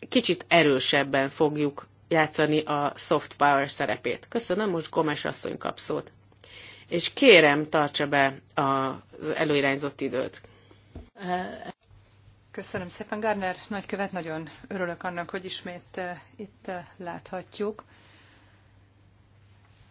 kicsit erősebben fogjuk játszani a soft power szerepét. Köszönöm, most Gomes asszony kap szót. És kérem, tartsa be az előirányzott időt. Köszönöm szépen, Garner nagykövet, nagyon örülök annak, hogy ismét eh, itt eh, láthatjuk.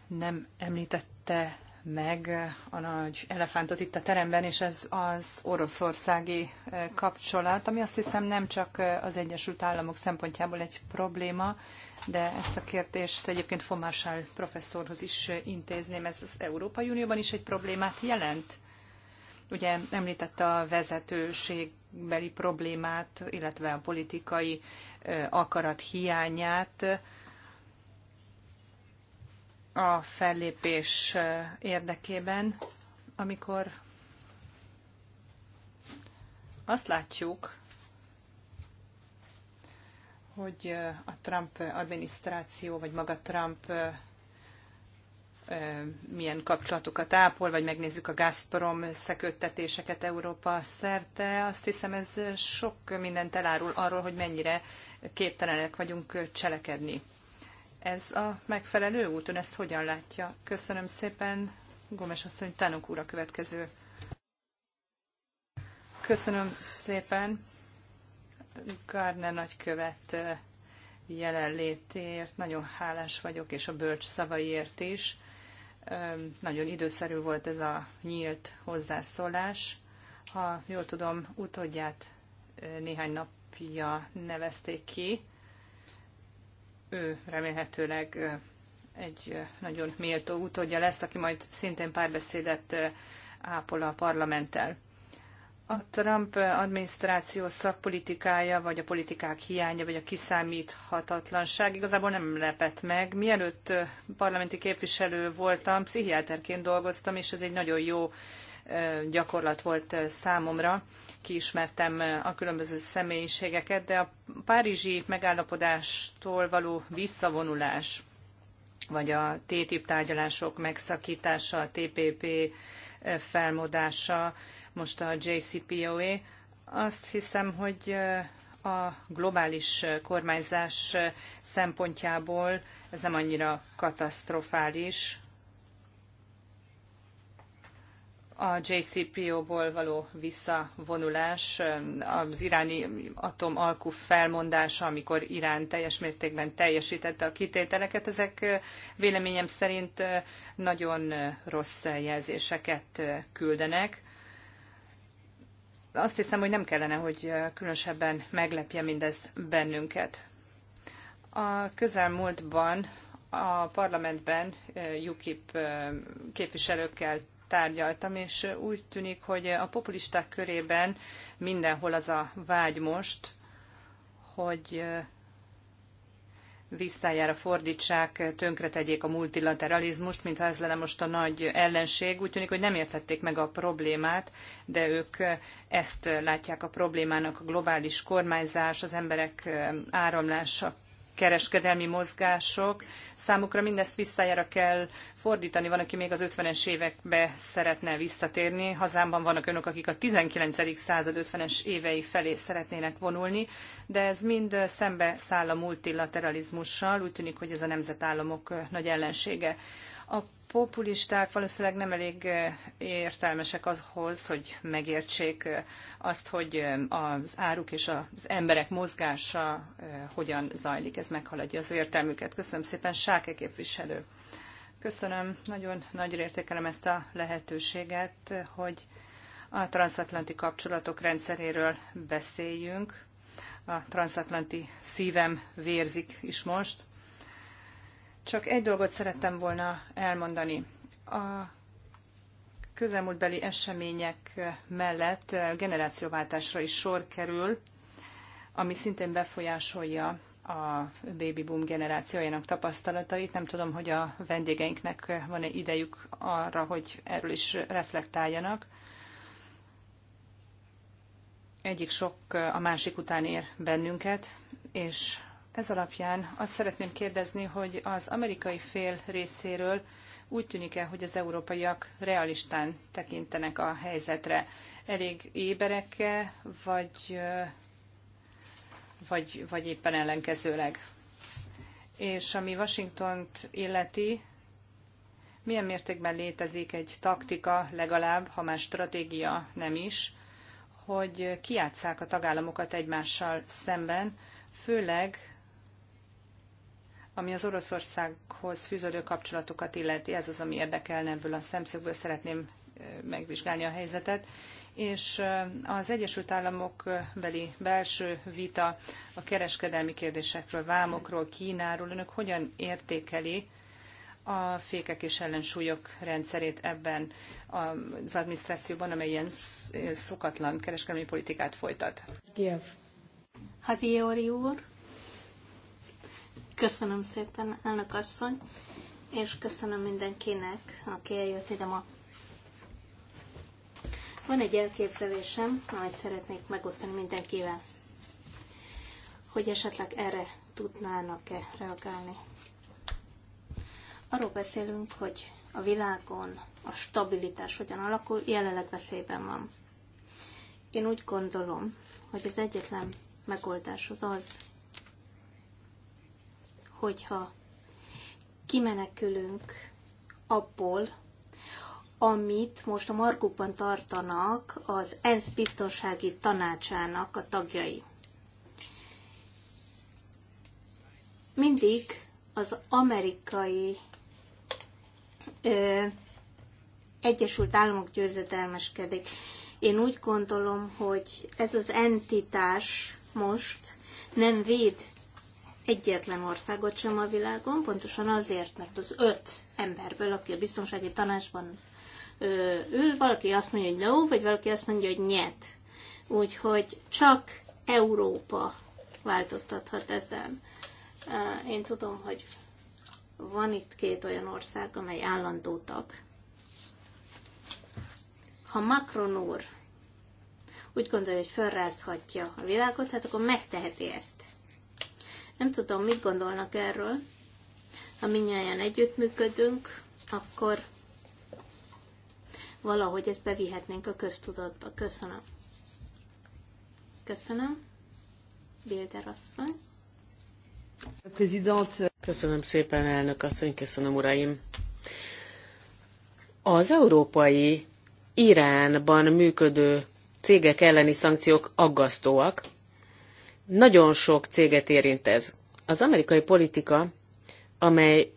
Nem említette meg a nagy elefántot itt a teremben, és ez az oroszországi e, kapcsolat, ami azt hiszem nem csak e, az Egyesült Államok szempontjából egy probléma, de ezt a kérdést egyébként von professzorhoz is e, intézném, ez az Európai Unióban is egy problémát jelent. Ugye említette a vezetőségbeli problémát, illetve a politikai akarat hiányát, a fellépés érdekében, amikor azt látjuk, hogy a Trump adminisztráció, vagy maga Trump milyen kapcsolatokat ápol, vagy megnézzük a Gazprom szeköttetéseket Európa szerte. Azt hiszem, ez sok mindent elárul arról, hogy mennyire képtelenek vagyunk cselekedni. Ez a megfelelő út? Ön ezt hogyan látja? Köszönöm szépen. Gomes asszony, Tánok úr a következő. Köszönöm szépen. Gardner nagykövet jelenlétért nagyon hálás vagyok, és a bölcs szavaiért is. Nagyon időszerű volt ez a nyílt hozzászólás. Ha jól tudom, utódját néhány napja nevezték ki ő remélhetőleg egy nagyon méltó utódja lesz, aki majd szintén párbeszédet ápol a parlamenttel. A Trump adminisztráció szakpolitikája, vagy a politikák hiánya, vagy a kiszámíthatatlanság igazából nem lepett meg. Mielőtt parlamenti képviselő voltam, pszichiáterként dolgoztam, és ez egy nagyon jó gyakorlat volt számomra. Kiismertem a különböző személyiségeket, de a párizsi megállapodástól való visszavonulás, vagy a TTIP tárgyalások megszakítása, a TPP felmodása, most a JCPOA, azt hiszem, hogy a globális kormányzás szempontjából ez nem annyira katasztrofális, a JCPO-ból való visszavonulás, az iráni atomalkú felmondása, amikor Irán teljes mértékben teljesítette a kitételeket, ezek véleményem szerint nagyon rossz jelzéseket küldenek. Azt hiszem, hogy nem kellene, hogy különösebben meglepje mindez bennünket. A közelmúltban a parlamentben UKIP képviselőkkel tárgyaltam, és úgy tűnik, hogy a populisták körében mindenhol az a vágy most, hogy visszájára fordítsák, tönkretegyék a multilateralizmust, mintha ez lenne most a nagy ellenség. Úgy tűnik, hogy nem értették meg a problémát, de ők ezt látják a problémának, a globális kormányzás, az emberek áramlása kereskedelmi mozgások. Számukra mindezt visszájára kell fordítani. Van, aki még az 50-es évekbe szeretne visszatérni. Hazámban vannak önök, akik a 19. század 50-es évei felé szeretnének vonulni, de ez mind szembe száll a multilateralizmussal. Úgy tűnik, hogy ez a nemzetállamok nagy ellensége. A populisták valószínűleg nem elég értelmesek ahhoz, hogy megértsék azt, hogy az áruk és az emberek mozgása hogyan zajlik. Ez meghaladja az értelmüket. Köszönöm szépen, Sáke képviselő. Köszönöm, nagyon nagyra értékelem ezt a lehetőséget, hogy a transatlanti kapcsolatok rendszeréről beszéljünk. A transatlanti szívem vérzik is most. Csak egy dolgot szerettem volna elmondani. A közelmúltbeli események mellett generációváltásra is sor kerül, ami szintén befolyásolja a baby boom generációjának tapasztalatait. Nem tudom, hogy a vendégeinknek van-e idejük arra, hogy erről is reflektáljanak. Egyik sok a másik után ér bennünket, és ez alapján azt szeretném kérdezni, hogy az amerikai fél részéről úgy tűnik-e, hogy az európaiak realistán tekintenek a helyzetre. Elég éberek-e, vagy, vagy, vagy éppen ellenkezőleg? És ami Washingtont illeti, milyen mértékben létezik egy taktika legalább, ha már stratégia nem is, hogy kiátszák a tagállamokat egymással szemben, főleg ami az Oroszországhoz fűződő kapcsolatokat illeti, ez az, ami érdekelne ebből a szemszögből, szeretném megvizsgálni a helyzetet. És az Egyesült Államok beli belső vita a kereskedelmi kérdésekről, vámokról, Kínáról, önök hogyan értékeli a fékek és ellensúlyok rendszerét ebben az adminisztrációban, amely ilyen szokatlan kereskedelmi politikát folytat. Kiev Haziori úr. Köszönöm szépen, elnök asszony, és köszönöm mindenkinek, aki eljött ide ma. Van egy elképzelésem, amit szeretnék megosztani mindenkivel, hogy esetleg erre tudnának-e reagálni. Arról beszélünk, hogy a világon a stabilitás hogyan alakul, jelenleg veszélyben van. Én úgy gondolom, hogy az egyetlen megoldás az az, hogyha kimenekülünk abból, amit most a markukban tartanak az ENSZ biztonsági tanácsának a tagjai. Mindig az amerikai ö, Egyesült Államok győzedelmeskedik. Én úgy gondolom, hogy ez az entitás most nem véd egyetlen országot sem a világon, pontosan azért, mert az öt emberből, aki a biztonsági tanácsban ül, valaki azt mondja, hogy no, vagy valaki azt mondja, hogy nyet. Úgyhogy csak Európa változtathat ezen. Én tudom, hogy van itt két olyan ország, amely állandó tag. Ha Macron úr úgy gondolja, hogy felrázhatja a világot, hát akkor megteheti ezt. Nem tudom, mit gondolnak erről. Ha minnyáján együttműködünk, akkor valahogy ezt bevihetnénk a köztudatba. Köszönöm. Köszönöm. Bilder asszony. Köszönöm szépen, elnök asszony, köszönöm uraim. Az európai Iránban működő cégek elleni szankciók aggasztóak, nagyon sok céget érint ez. Az amerikai politika, amely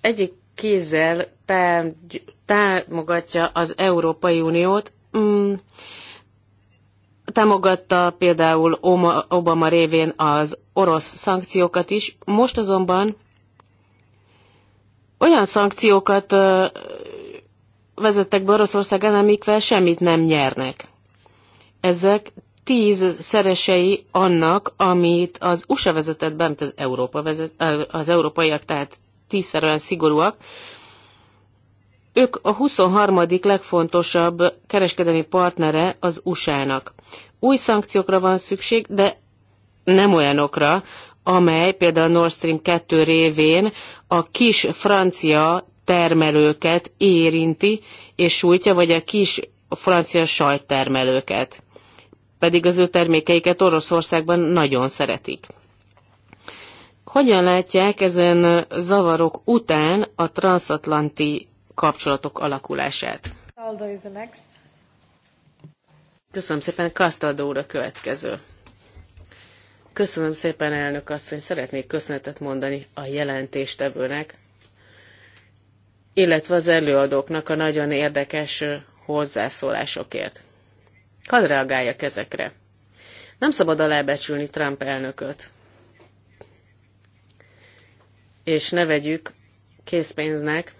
egyik kézzel támogatja az Európai Uniót, mm, támogatta például Obama révén az orosz szankciókat is, most azonban olyan szankciókat vezettek be Oroszország ellen, amikvel semmit nem nyernek. Ezek szeresei annak, amit az USA vezetett be, amit az, Európa vezet, az európaiak, tehát tízszer olyan szigorúak. Ők a 23. legfontosabb kereskedelmi partnere az USA-nak. Új szankciókra van szükség, de nem olyanokra, amely például Nord Stream 2 révén a kis francia termelőket érinti és sújtja, vagy a kis francia sajttermelőket pedig az ő termékeiket Oroszországban nagyon szeretik. Hogyan látják ezen zavarok után a transatlanti kapcsolatok alakulását? Köszönöm szépen, Kastaldo úr a következő. Köszönöm szépen, elnök asszony. Szeretnék köszönetet mondani a jelentéstevőnek, illetve az előadóknak a nagyon érdekes hozzászólásokért. Hadd reagáljak ezekre. Nem szabad alábecsülni Trump elnököt. És ne vegyük készpénznek,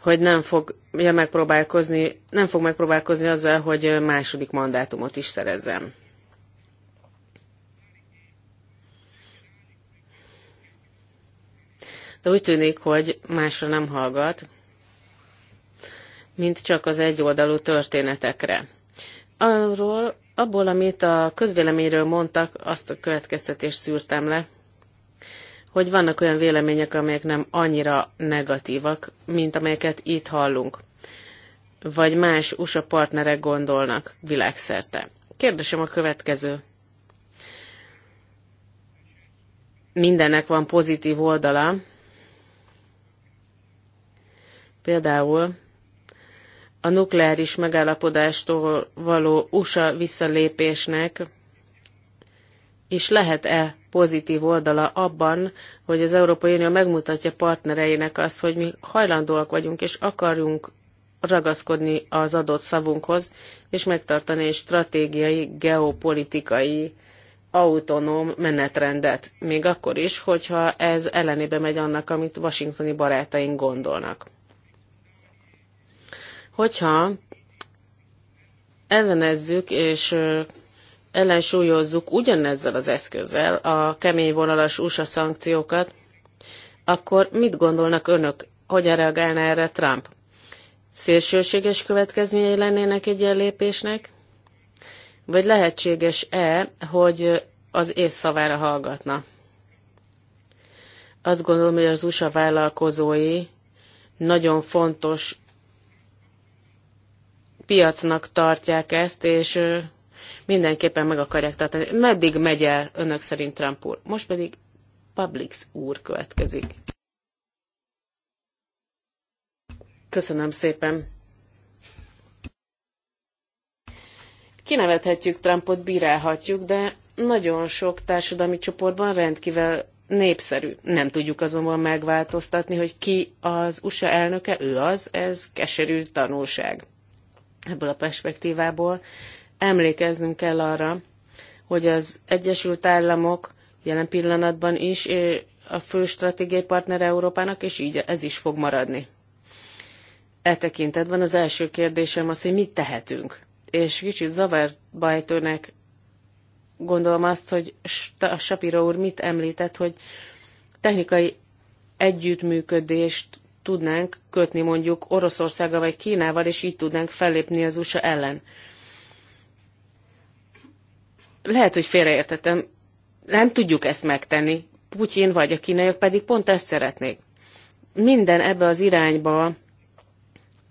hogy nem fogja megpróbálkozni, nem fog megpróbálkozni azzal, hogy második mandátumot is szerezzem. De úgy tűnik, hogy másra nem hallgat, mint csak az egyoldalú történetekre. Arról, abból, amit a közvéleményről mondtak, azt a következtetést szűrtem le, hogy vannak olyan vélemények, amelyek nem annyira negatívak, mint amelyeket itt hallunk, vagy más USA partnerek gondolnak világszerte. Kérdésem a következő. Mindennek van pozitív oldala. Például a nukleáris megállapodástól való USA visszalépésnek is lehet-e pozitív oldala abban, hogy az Európai Unió megmutatja partnereinek azt, hogy mi hajlandóak vagyunk és akarjunk ragaszkodni az adott szavunkhoz, és megtartani egy stratégiai, geopolitikai, autonóm menetrendet, még akkor is, hogyha ez ellenébe megy annak, amit washingtoni barátaink gondolnak. Hogyha ellenezzük és ellensúlyozzuk ugyanezzel az eszközzel a kemény vonalas USA szankciókat, akkor mit gondolnak önök, hogyan reagálna erre Trump? Szélsőséges következményei lennének egy ilyen lépésnek? Vagy lehetséges-e, hogy az ész szavára hallgatna? Azt gondolom, hogy az USA vállalkozói nagyon fontos piacnak tartják ezt, és mindenképpen meg akarják tartani. Meddig megy el önök szerint Trump úr? Most pedig Publix úr következik. Köszönöm szépen. Kinevethetjük Trumpot, bírálhatjuk, de nagyon sok társadalmi csoportban rendkívül népszerű. Nem tudjuk azonban megváltoztatni, hogy ki az USA elnöke, ő az, ez keserű tanulság ebből a perspektívából emlékeznünk kell arra, hogy az Egyesült Államok jelen pillanatban is eh, a fő stratégiai partner Európának, és így ez is fog maradni. E tekintetben az első kérdésem az, hogy mit tehetünk. És kicsit zavarba ejtőnek gondolom azt, hogy sapira úr mit említett, hogy technikai együttműködést tudnánk kötni mondjuk Oroszországgal vagy Kínával, és így tudnánk fellépni az USA ellen. Lehet, hogy félreértettem, nem tudjuk ezt megtenni. Putyin vagy a kínaiak pedig pont ezt szeretnék. Minden ebbe az irányba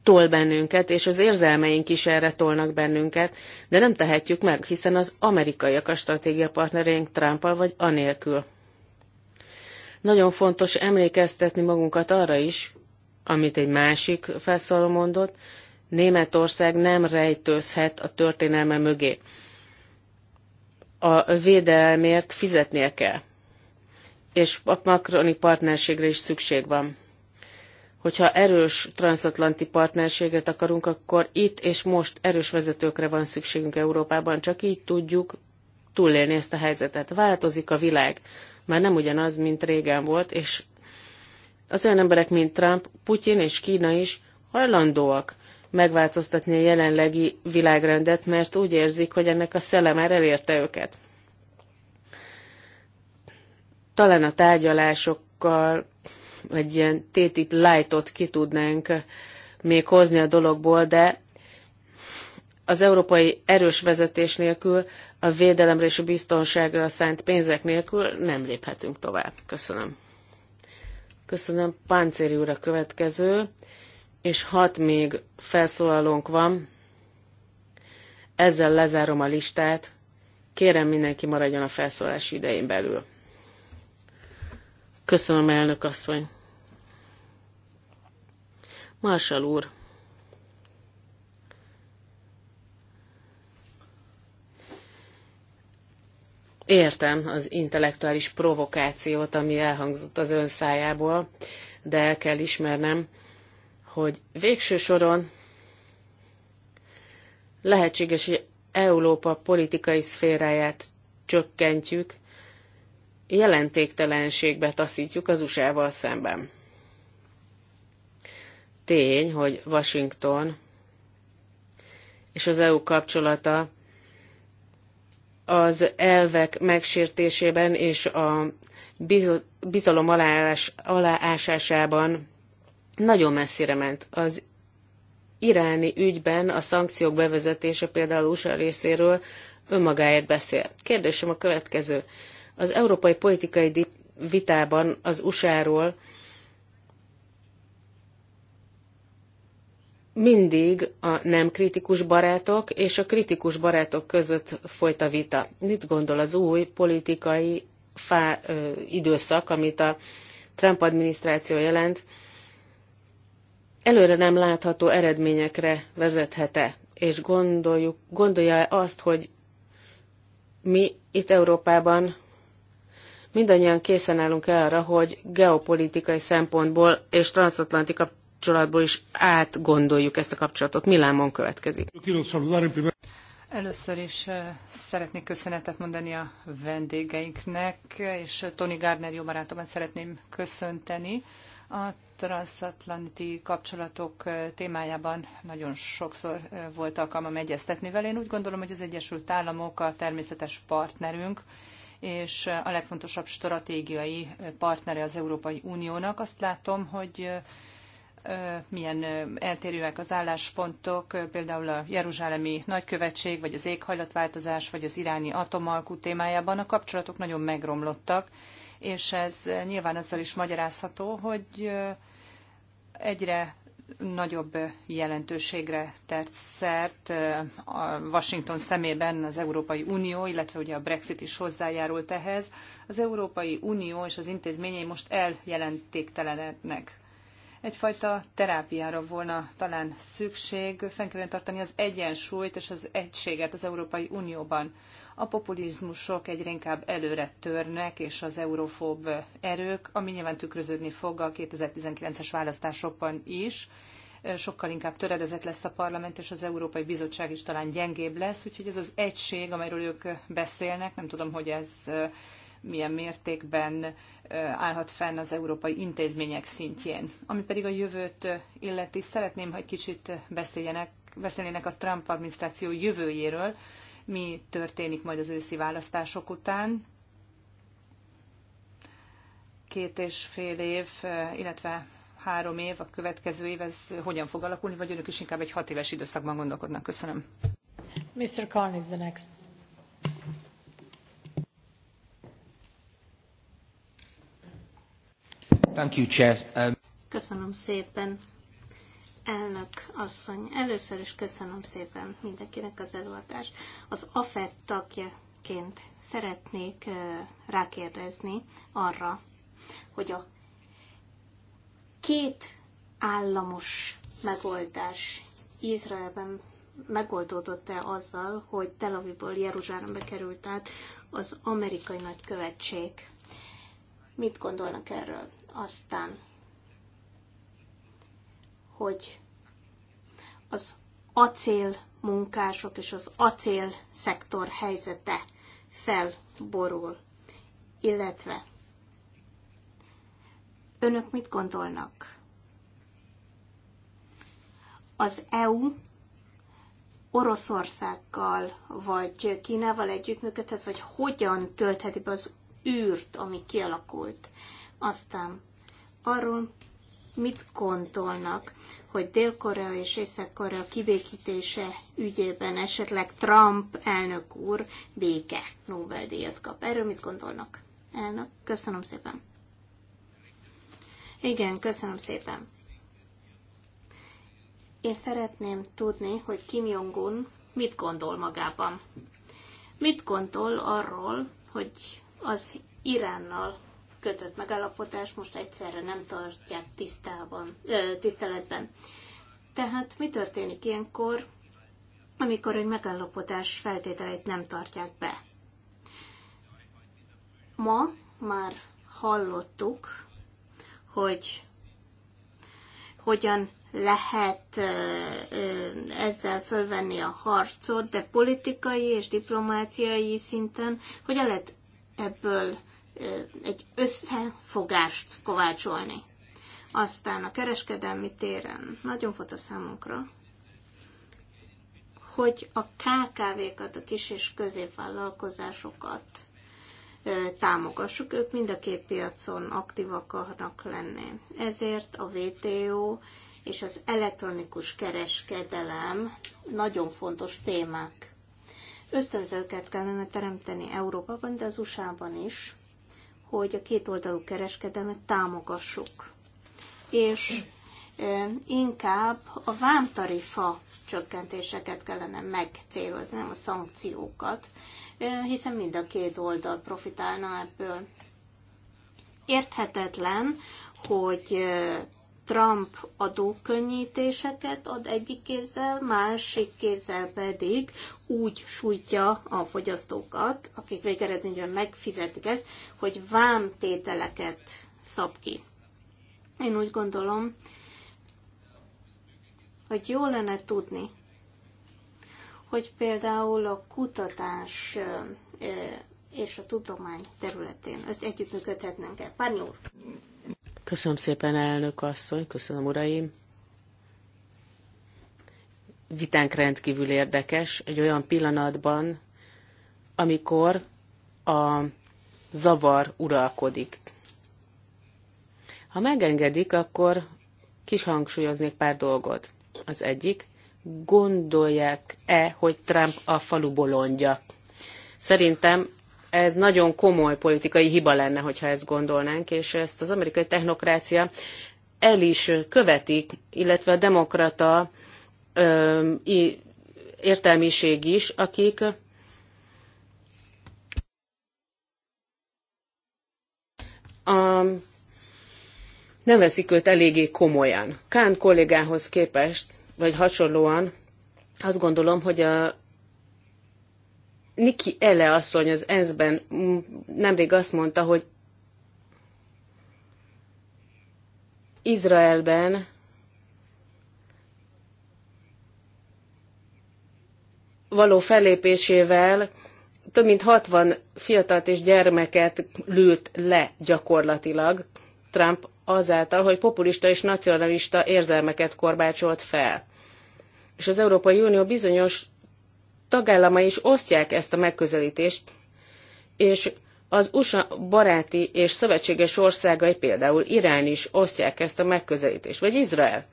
tol bennünket, és az érzelmeink is erre tolnak bennünket, de nem tehetjük meg, hiszen az amerikaiak a stratégiapartnereink Trumpal vagy anélkül. Nagyon fontos emlékeztetni magunkat arra is, amit egy másik felszólaló mondott, Németország nem rejtőzhet a történelme mögé. A védelemért fizetnie kell, és a makroni partnerségre is szükség van. Hogyha erős transatlanti partnerséget akarunk, akkor itt és most erős vezetőkre van szükségünk Európában, csak így tudjuk túlélni ezt a helyzetet. Változik a világ, már nem ugyanaz, mint régen volt, és az olyan emberek, mint Trump, Putyin és Kína is hajlandóak megváltoztatni a jelenlegi világrendet, mert úgy érzik, hogy ennek a szele már elérte őket. Talán a tárgyalásokkal egy ilyen TTIP lightot ki tudnánk még hozni a dologból, de az európai erős vezetés nélkül, a védelemre és a biztonságra szánt pénzek nélkül nem léphetünk tovább. Köszönöm. Köszönöm, Páncéri úr a következő, és hat még felszólalónk van. Ezzel lezárom a listát. Kérem mindenki maradjon a felszólás idején belül. Köszönöm, elnök asszony. Marshall úr. Értem az intellektuális provokációt, ami elhangzott az ön szájából, de el kell ismernem, hogy végső soron lehetséges, hogy Európa politikai szféráját csökkentjük, jelentéktelenségbe taszítjuk az USA-val szemben. Tény, hogy Washington és az EU kapcsolata az elvek megsértésében és a bizalom aláásásában nagyon messzire ment. Az iráni ügyben a szankciók bevezetése például USA részéről önmagáért beszél. Kérdésem a következő. Az európai politikai vitában az USA-ról mindig a nem kritikus barátok és a kritikus barátok között folyt a vita. Mit gondol az új politikai fá, ö, időszak, amit a Trump adminisztráció jelent, előre nem látható eredményekre vezethet-e? És gondoljuk, gondolja -e azt, hogy mi itt Európában mindannyian készen állunk -e arra, hogy geopolitikai szempontból és transatlanti kapcsolatból is átgondoljuk ezt a kapcsolatot. Milánban következik. Először is eh, szeretnék köszönetet mondani a vendégeinknek, és Tony Gardner jó barátomat szeretném köszönteni. A transatlanti kapcsolatok eh, témájában nagyon sokszor eh, volt alkalmam egyeztetni vele. Én úgy gondolom, hogy az Egyesült Államok a természetes partnerünk, és a legfontosabb stratégiai partnere az Európai Uniónak. Azt látom, hogy milyen eltérőek az álláspontok, például a Jeruzsálemi Nagykövetség, vagy az éghajlatváltozás, vagy az iráni atomalkú témájában a kapcsolatok nagyon megromlottak, és ez nyilván azzal is magyarázható, hogy egyre nagyobb jelentőségre tett szert a Washington szemében az Európai Unió, illetve ugye a Brexit is hozzájárult ehhez. Az Európai Unió és az intézményei most eljelentéktelenek egyfajta terápiára volna talán szükség, fenn kellene tartani az egyensúlyt és az egységet az Európai Unióban. A populizmusok egyre inkább előre törnek, és az eurofób erők, ami nyilván tükröződni fog a 2019-es választásokban is, sokkal inkább töredezett lesz a parlament, és az Európai Bizottság is talán gyengébb lesz, úgyhogy ez az egység, amelyről ők beszélnek, nem tudom, hogy ez milyen mértékben állhat fenn az európai intézmények szintjén. Ami pedig a jövőt illeti, szeretném, ha egy kicsit beszéljenek, beszélnének a Trump adminisztráció jövőjéről, mi történik majd az őszi választások után. Két és fél év, illetve három év, a következő év, ez hogyan fog alakulni, vagy önök is inkább egy hat éves időszakban gondolkodnak? Köszönöm. Mr. Khan the next. Thank you, Chair. Um... Köszönöm szépen, elnök asszony. Először is köszönöm szépen mindenkinek az előadást. Az AFET tagjaként szeretnék rákérdezni arra, hogy a két államos megoldás Izraelben megoldódott-e azzal, hogy Tel Avivból Jeruzsálembe került át az amerikai nagykövetség. Mit gondolnak erről? Aztán, hogy az acél munkások és az acél szektor helyzete felborul, illetve önök mit gondolnak? Az EU Oroszországgal vagy Kínával együttműködhet, vagy hogyan töltheti be az űrt, ami kialakult. Aztán arról mit gondolnak, hogy Dél-Korea és Észak-Korea kibékítése ügyében esetleg Trump elnök úr béke Nobel-díjat kap. Erről mit gondolnak? Elnök, köszönöm szépen. Igen, köszönöm szépen. Én szeretném tudni, hogy Kim Jong-un mit gondol magában. Mit gondol arról, hogy az Iránnal kötött megállapotás most egyszerre nem tartják tisztában, tiszteletben. Tehát mi történik ilyenkor, amikor egy megállapotás feltételeit nem tartják be? Ma már hallottuk, hogy hogyan lehet ezzel fölvenni a harcot, de politikai és diplomáciai szinten hogyan lehet ebből egy összefogást kovácsolni. Aztán a kereskedelmi téren nagyon fontos számunkra, hogy a KKV-kat, a kis és középvállalkozásokat támogassuk. Ők mind a két piacon aktívak akarnak lenni. Ezért a VTO és az elektronikus kereskedelem nagyon fontos témák. Ösztönzőket kellene teremteni Európában, de az USA-ban is, hogy a kétoldalú kereskedelmet támogassuk. És inkább a vámtarifa csökkentéseket kellene megcélozni, nem a szankciókat, hiszen mind a két oldal profitálna ebből. Érthetetlen, hogy Trump adókönnyítéseket ad egyik kézzel, másik kézzel pedig úgy sújtja a fogyasztókat, akik végeredményben megfizetik ezt, hogy vámtételeket szab ki. Én úgy gondolom, hogy jó lenne tudni, hogy például a kutatás és a tudomány területén ezt együttműködhetnénk-e. Párnyúr! Köszönöm szépen, elnök asszony, köszönöm, uraim. Vitánk rendkívül érdekes, egy olyan pillanatban, amikor a zavar uralkodik. Ha megengedik, akkor kis hangsúlyoznék pár dolgot. Az egyik, gondolják-e, hogy Trump a falu bolondja? Szerintem ez nagyon komoly politikai hiba lenne, hogyha ezt gondolnánk, és ezt az amerikai technokrácia el is követik, illetve a demokrata ö, értelmiség is, akik a, nem veszik őt eléggé komolyan. Kán kollégához képest, vagy hasonlóan, azt gondolom, hogy a Niki Ele asszony az ENSZ-ben nemrég azt mondta, hogy Izraelben való fellépésével több mint 60 fiatalt és gyermeket lőtt le gyakorlatilag Trump azáltal, hogy populista és nacionalista érzelmeket korbácsolt fel. És az Európai Unió bizonyos tagállamai is osztják ezt a megközelítést, és az USA baráti és szövetséges országai, például Irán is osztják ezt a megközelítést, vagy Izrael.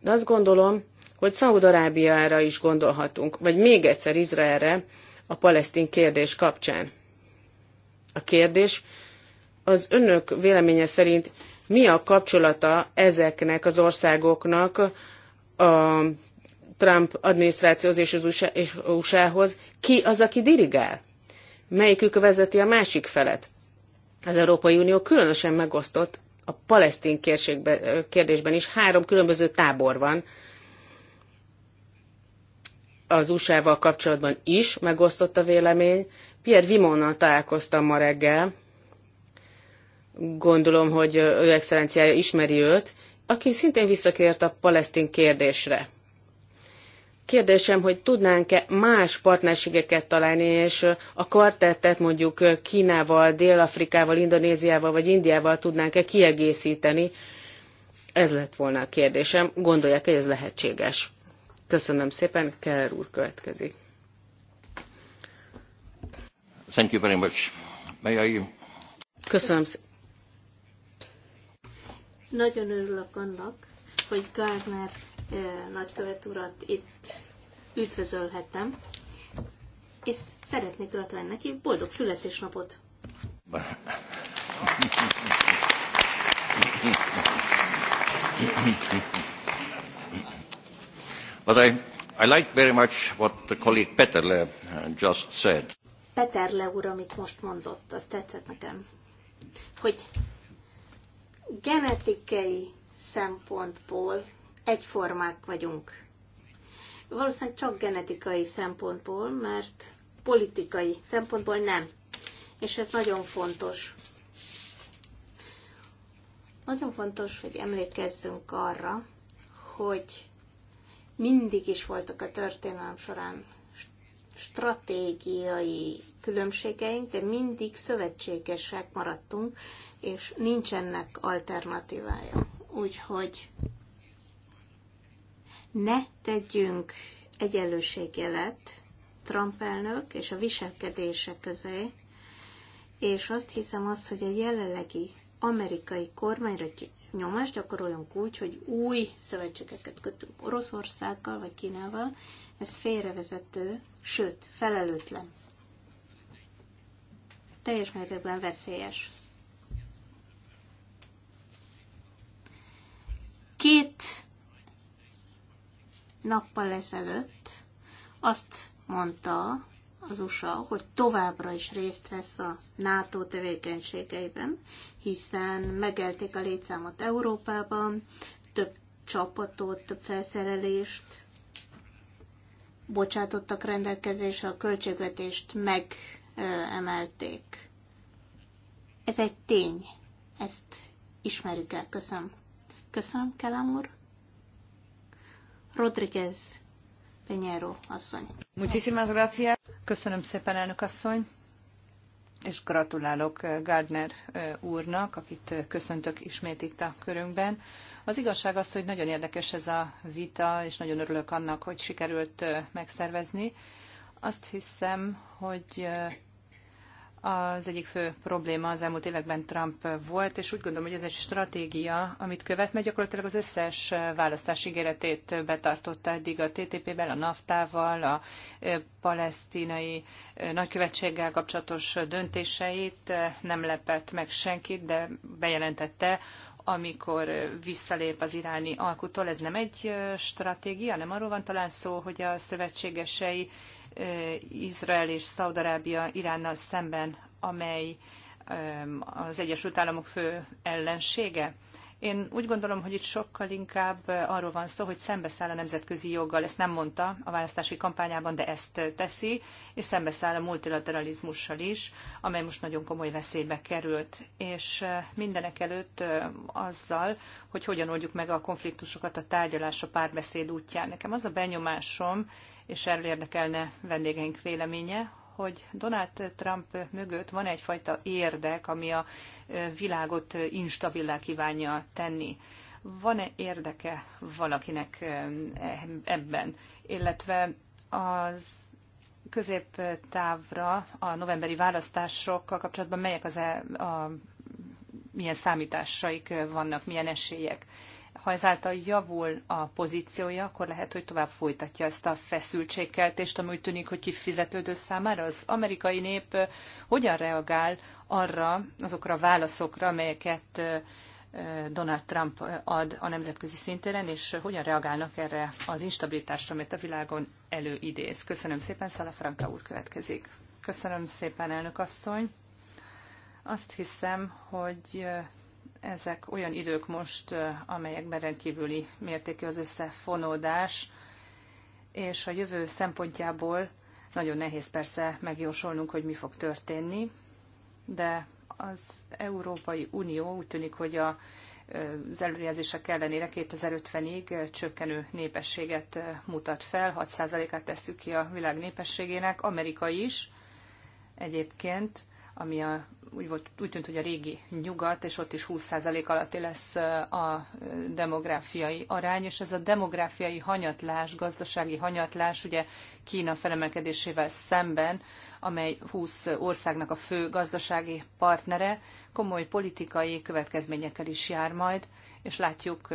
De azt gondolom, hogy Szaúd-Arábiára is gondolhatunk, vagy még egyszer Izraelre a palesztin kérdés kapcsán. A kérdés az önök véleménye szerint mi a kapcsolata ezeknek az országoknak a Trump adminisztrációhoz és az USA- hoz ki az, aki dirigál? Melyikük vezeti a másik felet? Az Európai Unió különösen megosztott a palesztin kérdésben is. Három különböző tábor van az USA-val kapcsolatban is megosztott a vélemény. Pierre Vimonnal találkoztam ma reggel, gondolom, hogy ő excellenciája ismeri őt, aki szintén visszakért a palesztin kérdésre. Kérdésem, hogy tudnánk-e más partnerségeket találni, és a kvartettet mondjuk Kínával, Dél-Afrikával, Indonéziával vagy Indiával tudnánk-e kiegészíteni? Ez lett volna a kérdésem. Gondolják, hogy ez lehetséges. Köszönöm szépen, Keller úr következik. Thank you very much. May I... Köszönöm szépen. Nagyon örülök annak, hogy Gardner nagykövet urat itt üdvözölhetem, és szeretnék gratulálni neki boldog születésnapot! But I, I like very much what the colleague Peterle uh, just said. Peterle úr, amit most mondott, az tetszett nekem, hogy genetikai szempontból egyformák vagyunk. Valószínűleg csak genetikai szempontból, mert politikai szempontból nem. És ez nagyon fontos. Nagyon fontos, hogy emlékezzünk arra, hogy mindig is voltak a történelem során stratégiai különbségeink, de mindig szövetségesek maradtunk, és nincsennek alternatívája. Úgyhogy ne tegyünk egyenlőségjelet Trump elnök és a viselkedése közé, és azt hiszem azt, hogy a jelenlegi amerikai kormányra nyomást gyakoroljunk úgy, hogy új szövetségeket kötünk Oroszországgal vagy Kínával, ez félrevezető, sőt, felelőtlen. Teljes mértékben veszélyes. Két nappal ezelőtt azt mondta az USA, hogy továbbra is részt vesz a NATO tevékenységeiben, hiszen megelték a létszámot Európában, több csapatot, több felszerelést bocsátottak rendelkezésre, a költségvetést megemelték. Ez egy tény. Ezt ismerjük el. Köszönöm. Köszönöm, Kelem úr. Rodriguez Peñero asszony. Muchísimas gracias. Köszönöm szépen, elnök asszony és gratulálok eh, Gardner eh, úrnak, akit eh, köszöntök ismét itt a körünkben. Az igazság az, hogy nagyon érdekes ez a vita, és nagyon örülök annak, hogy sikerült megszervezni. Azt hiszem, hogy az egyik fő probléma az elmúlt években Trump volt, és úgy gondolom, hogy ez egy stratégia, amit követ, mert gyakorlatilag az összes választási ígéretét betartotta eddig a TTP-vel, a NAFTA-val, a palesztinai nagykövetséggel kapcsolatos döntéseit nem lepett meg senkit, de bejelentette, amikor visszalép az iráni alkutól. Ez nem egy stratégia, nem arról van talán szó, hogy a szövetségesei Eh, Izrael és Szaudarábia Iránnal szemben, amely az Egyesült Államok fő ellensége. Én úgy gondolom, hogy itt sokkal inkább arról van szó, hogy szembeszáll a nemzetközi joggal. Ezt nem mondta a választási kampányában, de ezt teszi, és szembeszáll a multilateralizmussal is, amely most nagyon komoly veszélybe került. És eh, mindenek előtt eh, azzal, hogy hogyan oldjuk meg a konfliktusokat a tárgyalás a párbeszéd útján. Nekem az a benyomásom, és erről érdekelne vendégeink véleménye, hogy Donald Trump mögött van egyfajta érdek, ami a világot instabilá kívánja tenni. Van-e érdeke valakinek e-, ebben? Illetve az középtávra a novemberi választásokkal kapcsolatban melyek az a, e, a milyen számításaik vannak, milyen esélyek ha ezáltal javul a pozíciója, akkor lehet, hogy tovább folytatja ezt a feszültségkeltést, ami úgy tűnik, hogy kifizetődő számára. Az amerikai nép hogyan reagál arra, azokra a válaszokra, amelyeket Donald Trump ad a nemzetközi szintéren, és hogyan reagálnak erre az instabilitásra, amit a világon előidéz. Köszönöm szépen, Franka úr következik. Köszönöm szépen, elnök asszony. Azt hiszem, hogy ezek olyan idők most, amelyekben rendkívüli mértékű az összefonódás, és a jövő szempontjából nagyon nehéz persze megjósolnunk, hogy mi fog történni, de az Európai Unió úgy tűnik, hogy a, az előrejelzések ellenére 2050-ig csökkenő népességet mutat fel, 6%-át tesszük ki a világ népességének, Amerika is egyébként ami a, úgy, volt, úgy tűnt, hogy a régi nyugat, és ott is 20% alatti lesz a demográfiai arány, és ez a demográfiai hanyatlás, gazdasági hanyatlás, ugye Kína felemelkedésével szemben, amely 20 országnak a fő gazdasági partnere, komoly politikai következményekkel is jár majd, és látjuk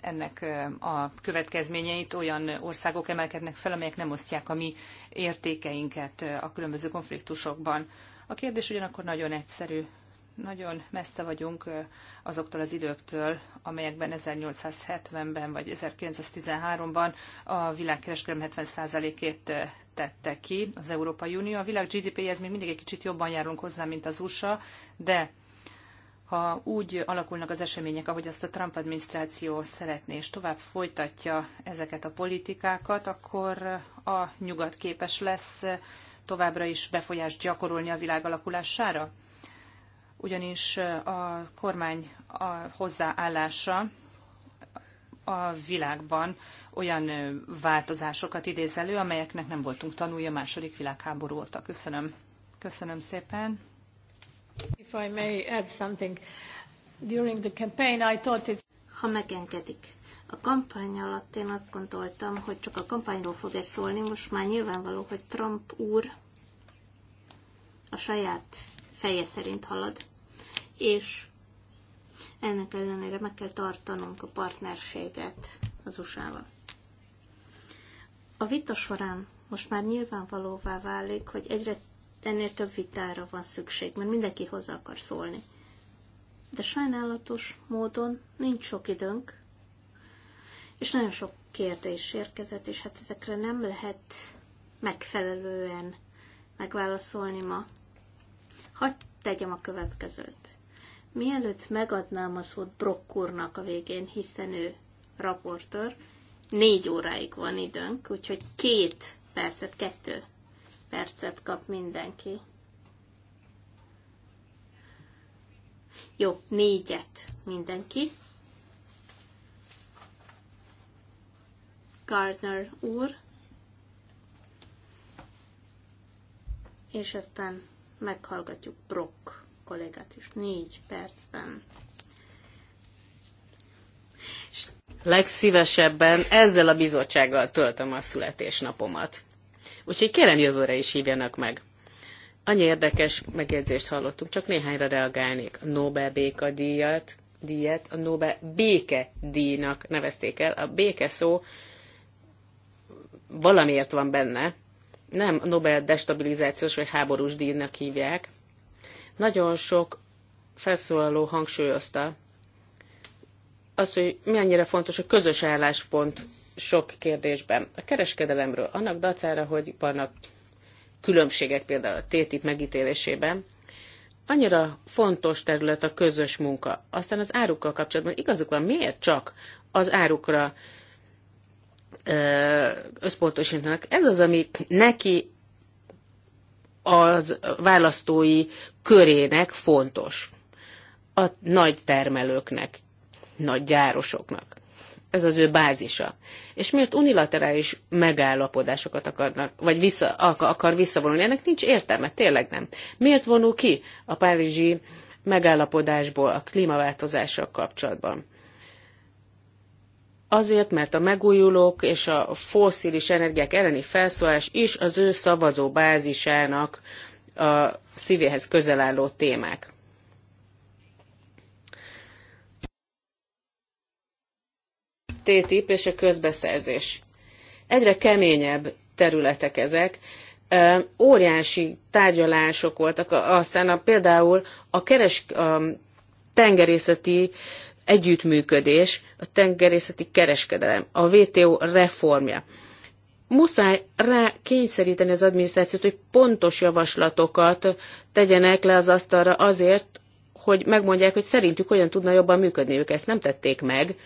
ennek a következményeit, olyan országok emelkednek fel, amelyek nem osztják a mi értékeinket a különböző konfliktusokban. A kérdés ugyanakkor nagyon egyszerű. Nagyon messze vagyunk azoktól az időktől, amelyekben 1870-ben vagy 1913-ban a világkereskedelem 70%-ét tette ki az Európai Unió. A világ GDP-hez még mindig egy kicsit jobban járunk hozzá, mint az USA, de ha úgy alakulnak az események, ahogy azt a Trump adminisztráció szeretné, és tovább folytatja ezeket a politikákat, akkor a nyugat képes lesz továbbra is befolyást gyakorolni a világ alakulására? Ugyanis a kormány a hozzáállása a világban olyan változásokat idéz elő, amelyeknek nem voltunk tanulja a második világháború óta. Köszönöm. Köszönöm szépen. If I may add something. During the campaign I thought it's... Ha megengedik. A kampány alatt én azt gondoltam, hogy csak a kampányról fog ez szólni, most már nyilvánvaló, hogy Trump úr a saját feje szerint halad, és ennek ellenére meg kell tartanunk a partnerséget az USA-val. A vita során most már nyilvánvalóvá válik, hogy egyre ennél több vitára van szükség, mert mindenki hozzá akar szólni. De sajnálatos módon nincs sok időnk, és nagyon sok kérdés érkezett, és hát ezekre nem lehet megfelelően megválaszolni ma. Hadd tegyem a következőt. Mielőtt megadnám a szót Brock úrnak a végén, hiszen ő raportőr, négy óráig van időnk, úgyhogy két percet, kettő percet kap mindenki. Jó, négyet mindenki, Gardner úr, és aztán meghallgatjuk Brock kollégát is négy percben. Legszívesebben ezzel a bizottsággal töltöm a születésnapomat. Úgyhogy kérem jövőre is hívjanak meg. Annyi érdekes megjegyzést hallottunk, csak néhányra reagálnék. A Nobel béka díjat, díjat a Nobel béke díjnak nevezték el. A béke szó valamiért van benne, nem Nobel destabilizációs vagy háborús díjnak hívják. Nagyon sok felszólaló hangsúlyozta azt, hogy mennyire fontos a közös álláspont sok kérdésben. A kereskedelemről, annak dacára, hogy vannak különbségek például a TTIP megítélésében, annyira fontos terület a közös munka. Aztán az árukkal kapcsolatban igazuk van, miért csak az árukra összpontosítanak. Ez az, ami neki az választói körének fontos. A nagy termelőknek, nagy gyárosoknak. Ez az ő bázisa. És miért unilaterális megállapodásokat akarnak, vagy vissza, akar visszavonulni? Ennek nincs értelme, tényleg nem. Miért vonul ki a párizsi megállapodásból a klímaváltozással kapcsolatban? Azért, mert a megújulók és a fosszilis energiák elleni felszólás is az ő szavazó bázisának a szívéhez közel álló témák. TTIP és a közbeszerzés. Egyre keményebb területek ezek, óriási tárgyalások voltak, aztán a, például a, keres, a tengerészeti együttműködés, a tengerészeti kereskedelem, a WTO reformja. Muszáj rá kényszeríteni az adminisztrációt, hogy pontos javaslatokat tegyenek le az asztalra azért, hogy megmondják, hogy szerintük hogyan tudna jobban működni ők. Ezt nem tették meg,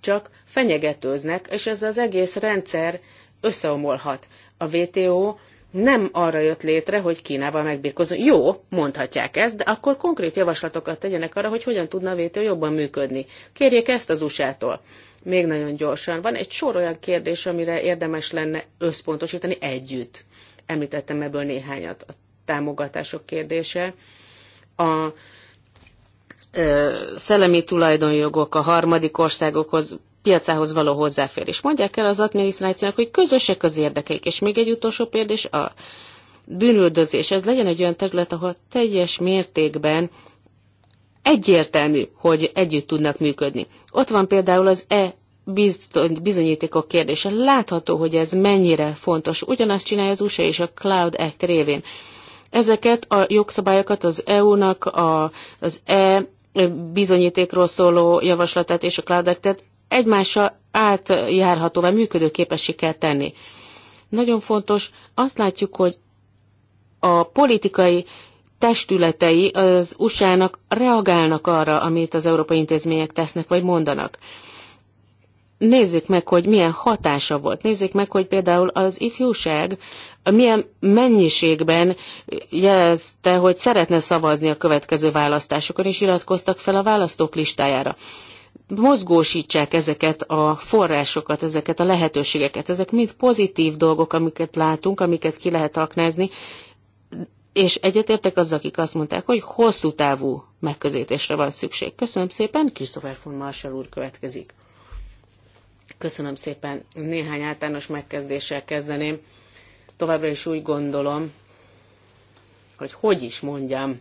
csak fenyegetőznek, és ez az egész rendszer összeomolhat. A WTO nem arra jött létre, hogy Kínával megbírkozzon. Jó, mondhatják ezt, de akkor konkrét javaslatokat tegyenek arra, hogy hogyan tudna a WTO jobban működni. Kérjék ezt az USA-tól. Még nagyon gyorsan. Van egy sor olyan kérdés, amire érdemes lenne összpontosítani együtt. Említettem ebből néhányat. A támogatások kérdése. A szellemi tulajdonjogok a harmadik országokhoz piacához való hozzáférés. Mondják el az adminisztrációnak, hogy közösek az érdekeik. És még egy utolsó kérdés, a bűnüldözés. Ez legyen egy olyan terület, ahol teljes mértékben egyértelmű, hogy együtt tudnak működni. Ott van például az e bizonyítékok kérdése. Látható, hogy ez mennyire fontos. Ugyanazt csinálja az USA és a Cloud Act révén. Ezeket a jogszabályokat az EU-nak, az E bizonyítékról szóló javaslatát és a Cloud Act-et egymással vagy működőképessé kell tenni. Nagyon fontos, azt látjuk, hogy a politikai testületei az USA-nak reagálnak arra, amit az európai intézmények tesznek vagy mondanak. Nézzük meg, hogy milyen hatása volt. Nézzük meg, hogy például az ifjúság milyen mennyiségben jelezte, hogy szeretne szavazni a következő választásokon, és iratkoztak fel a választók listájára mozgósítsák ezeket a forrásokat, ezeket a lehetőségeket. Ezek mind pozitív dolgok, amiket látunk, amiket ki lehet aknázni, és egyetértek az, akik azt mondták, hogy hosszú távú megközelítésre van szükség. Köszönöm szépen, Christopher von Marshall úr következik. Köszönöm szépen, néhány általános megkezdéssel kezdeném. Továbbra is úgy gondolom, hogy hogy is mondjam,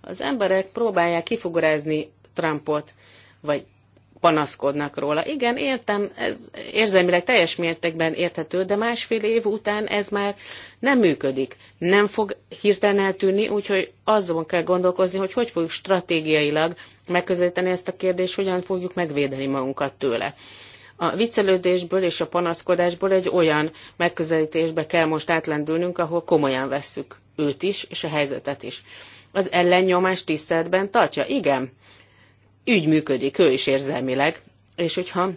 az emberek próbálják kifogorázni Trumpot, vagy panaszkodnak róla. Igen, értem, ez érzelmileg teljes mértékben érthető, de másfél év után ez már nem működik. Nem fog hirtelen eltűnni, úgyhogy azon kell gondolkozni, hogy hogy fogjuk stratégiailag megközelíteni ezt a kérdést, hogyan fogjuk megvédeni magunkat tőle. A viccelődésből és a panaszkodásból egy olyan megközelítésbe kell most átlendülnünk, ahol komolyan vesszük őt is, és a helyzetet is. Az ellennyomás tiszteletben tartja? Igen ügy működik, ő is érzelmileg, és hogyha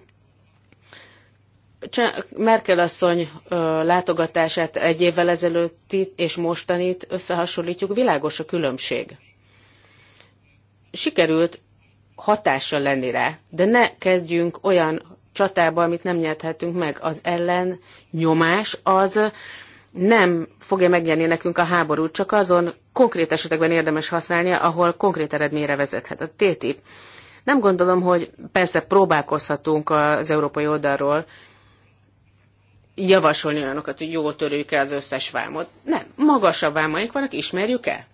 Merkel asszony látogatását egy évvel ezelőtti és mostanit összehasonlítjuk, világos a különbség. Sikerült hatással lenni rá, de ne kezdjünk olyan csatába, amit nem nyerthetünk meg. Az ellen nyomás az nem fogja megnyerni nekünk a háborút, csak azon konkrét esetekben érdemes használnia, ahol konkrét eredményre vezethet. A TTIP nem gondolom, hogy persze próbálkozhatunk az európai oldalról javasolni olyanokat, hogy jól törjük el az összes vámot. Nem, magasabb vámaink vannak, ismerjük el.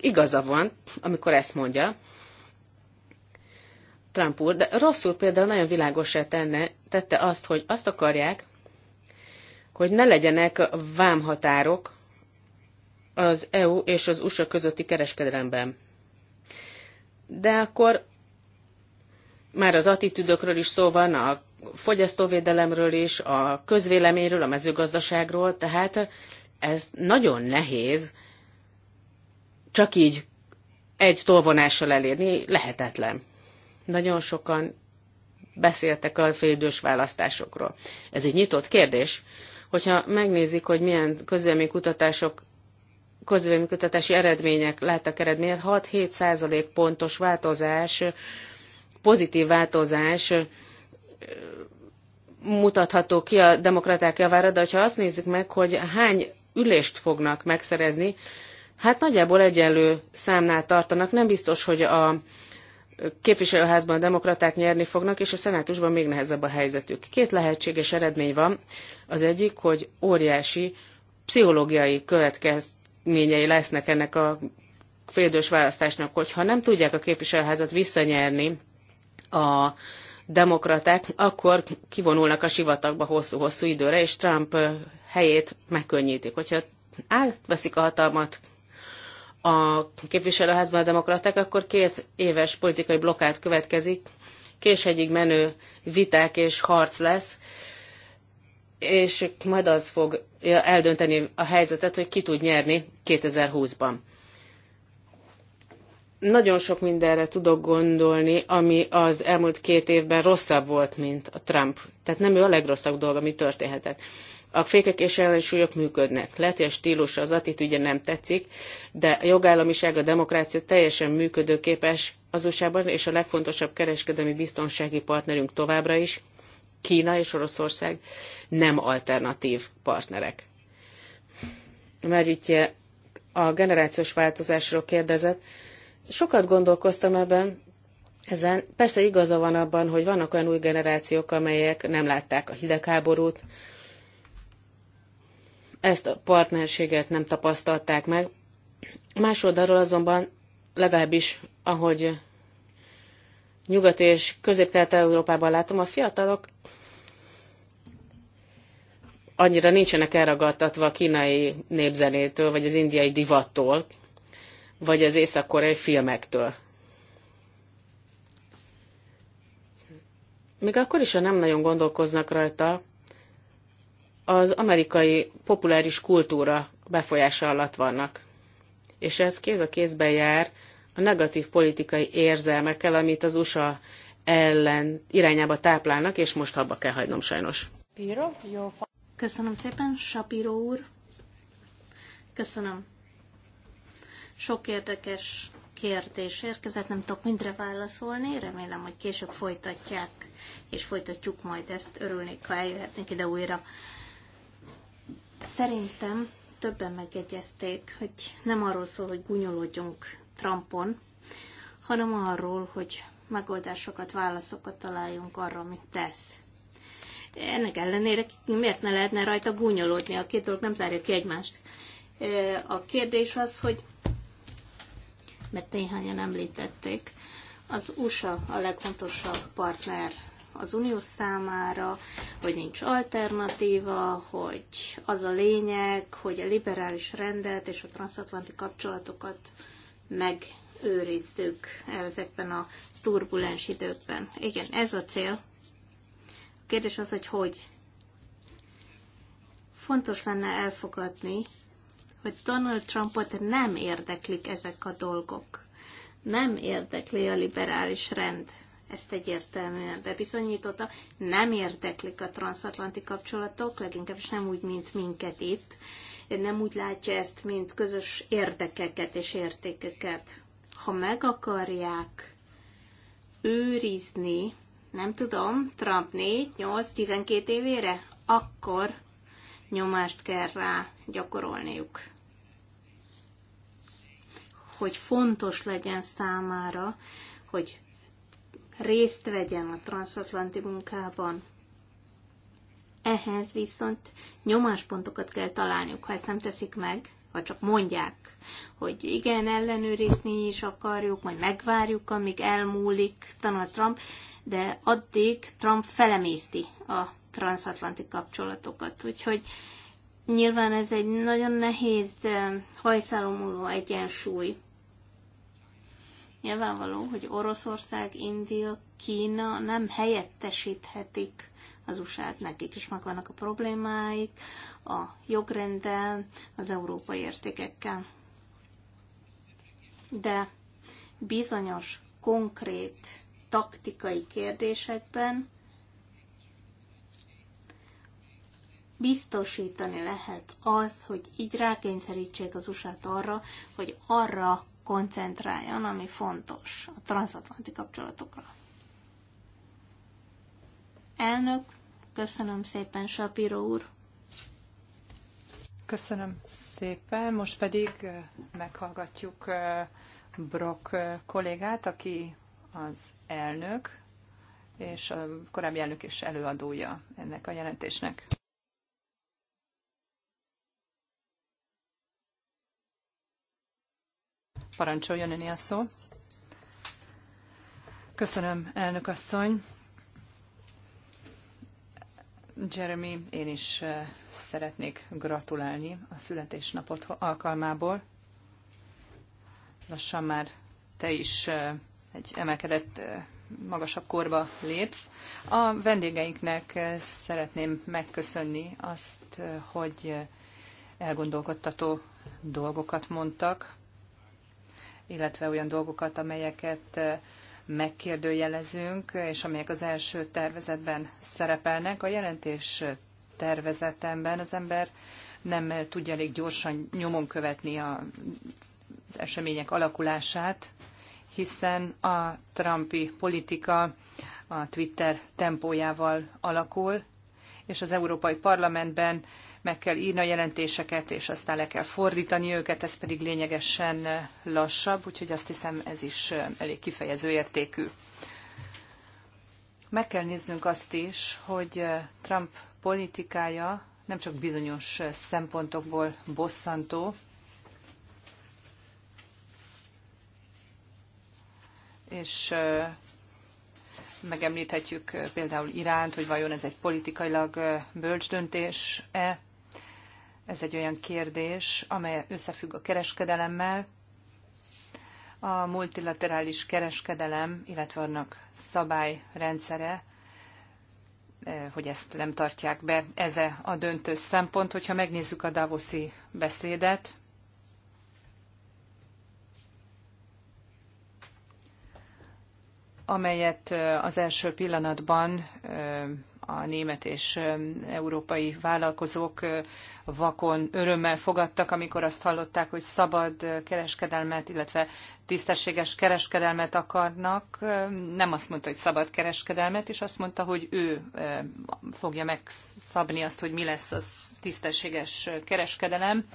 Igaza van, amikor ezt mondja, Trump úr, de rosszul például nagyon világosra tenne, tette azt, hogy azt akarják, hogy ne legyenek vámhatárok az EU és az USA közötti kereskedelemben. De akkor már az attitűdökről is szó van, a fogyasztóvédelemről is, a közvéleményről, a mezőgazdaságról, tehát ez nagyon nehéz csak így egy tolvonással elérni, lehetetlen. Nagyon sokan beszéltek a félidős választásokról. Ez egy nyitott kérdés. Hogyha megnézik, hogy milyen közvéleménykutatások közvéleménykutatási eredmények láttak eredményet, 6-7 százalék pontos változás pozitív változás mutatható ki a demokraták javára, de ha azt nézzük meg, hogy hány ülést fognak megszerezni, hát nagyjából egyenlő számnál tartanak. Nem biztos, hogy a képviselőházban a demokraták nyerni fognak, és a szenátusban még nehezebb a helyzetük. Két lehetséges eredmény van. Az egyik, hogy óriási pszichológiai következményei lesznek ennek a félidős választásnak, hogyha nem tudják a képviselőházat visszanyerni a demokraták, akkor kivonulnak a sivatagba hosszú-hosszú időre, és Trump helyét megkönnyítik. Hogyha átveszik a hatalmat a képviselőházban a demokraták, akkor két éves politikai blokkát következik, késhegyig menő viták és harc lesz, és majd az fog eldönteni a helyzetet, hogy ki tud nyerni 2020-ban nagyon sok mindenre tudok gondolni, ami az elmúlt két évben rosszabb volt, mint a Trump. Tehát nem ő a legrosszabb dolog, ami történhetett. A fékek és ellensúlyok működnek. Lehet, hogy a stílusa, az attitűdje nem tetszik, de a jogállamiság, a demokrácia teljesen működőképes az USA-ban, és a legfontosabb kereskedelmi biztonsági partnerünk továbbra is, Kína és Oroszország nem alternatív partnerek. Mert itt a generációs változásról kérdezett, Sokat gondolkoztam ebben, ezen persze igaza van abban, hogy vannak olyan új generációk, amelyek nem látták a hidegháborút, ezt a partnerséget nem tapasztalták meg. Másoldalról azonban legalábbis, ahogy Nyugat és Közép-Kelet-Európában látom, a fiatalok annyira nincsenek elragadtatva a kínai népzenétől, vagy az indiai divattól, vagy az észak-koreai filmektől. Még akkor is, ha nem nagyon gondolkoznak rajta, az amerikai populáris kultúra befolyása alatt vannak. És ez kéz a kézben jár a negatív politikai érzelmekkel, amit az USA ellen irányába táplálnak, és most abba kell hagynom sajnos. Köszönöm szépen, Sapiro úr. Köszönöm. Sok érdekes kérdés érkezett, nem tudok mindre válaszolni, remélem, hogy később folytatják, és folytatjuk majd ezt, örülnék, ha eljöhetnék ide újra. Szerintem többen megegyezték, hogy nem arról szól, hogy gunyolódjunk Trumpon, hanem arról, hogy megoldásokat, válaszokat találjunk arra, amit tesz. Ennek ellenére miért ne lehetne rajta gúnyolódni? A két dolog nem zárja ki egymást. A kérdés az, hogy mert néhányan említették. Az USA a legfontosabb partner az Unió számára, hogy nincs alternatíva, hogy az a lényeg, hogy a liberális rendet és a transatlanti kapcsolatokat megőrizzük ezekben a turbulens időkben. Igen, ez a cél. A kérdés az, hogy hogy. Fontos lenne elfogadni, hogy Donald Trumpot nem érdeklik ezek a dolgok. Nem érdekli a liberális rend. Ezt egyértelműen bebizonyította. Nem érdeklik a transatlanti kapcsolatok, leginkább is nem úgy, mint minket itt. Nem úgy látja ezt, mint közös érdekeket és értékeket. Ha meg akarják őrizni, nem tudom, Trump 4, 8, 12 évére, akkor nyomást kell rá gyakorolniuk hogy fontos legyen számára, hogy részt vegyen a transatlanti munkában. Ehhez viszont nyomáspontokat kell találniuk, ha ezt nem teszik meg, ha csak mondják, hogy igen, ellenőrizni is akarjuk, majd megvárjuk, amíg elmúlik Donald Trump, de addig Trump felemészti a transatlanti kapcsolatokat. Úgyhogy nyilván ez egy nagyon nehéz eh, hajszálomuló egyensúly. Nyilvánvaló, hogy Oroszország, India, Kína nem helyettesíthetik az USA-t, nekik is megvannak a problémáik, a jogrendel, az európai értékekkel. De bizonyos, konkrét, taktikai kérdésekben biztosítani lehet az, hogy így rákényszerítsék az usa arra, hogy arra koncentráljon, ami fontos a transatlanti kapcsolatokra. Elnök, köszönöm szépen, Sapiro úr. Köszönöm szépen, most pedig eh, meghallgatjuk eh, Brock eh, kollégát, aki az elnök, és a korábbi elnök és előadója ennek a jelentésnek. Parancsoljon öné a szó. Köszönöm, elnök asszony. Jeremy, én is eh, szeretnék gratulálni a születésnapot alkalmából. Lassan már te is eh, egy emelkedett eh, magasabb korba lépsz. A vendégeinknek szeretném megköszönni azt, hogy elgondolkodtató dolgokat mondtak, illetve olyan dolgokat, amelyeket megkérdőjelezünk, és amelyek az első tervezetben szerepelnek. A jelentés tervezetemben az ember nem tudja elég gyorsan nyomon követni a, az események alakulását, hiszen a Trumpi politika a Twitter tempójával alakul, és az Európai Parlamentben meg kell írni a jelentéseket, és aztán le kell fordítani őket, ez pedig lényegesen lassabb, úgyhogy azt hiszem ez is elég kifejező értékű. Meg kell néznünk azt is, hogy Trump politikája nem csak bizonyos szempontokból bosszantó, és megemlíthetjük például Iránt, hogy vajon ez egy politikailag bölcs döntés-e, ez egy olyan kérdés, amely összefügg a kereskedelemmel, a multilaterális kereskedelem, illetve annak szabályrendszere, eh, hogy ezt nem tartják be. Ez -e a döntő szempont, hogyha megnézzük a Davoszi beszédet. amelyet eh, az első pillanatban eh, a német és európai vállalkozók vakon örömmel fogadtak, amikor azt hallották, hogy szabad kereskedelmet, illetve tisztességes kereskedelmet akarnak. Nem azt mondta, hogy szabad kereskedelmet, és azt mondta, hogy ő fogja megszabni azt, hogy mi lesz a tisztességes kereskedelem.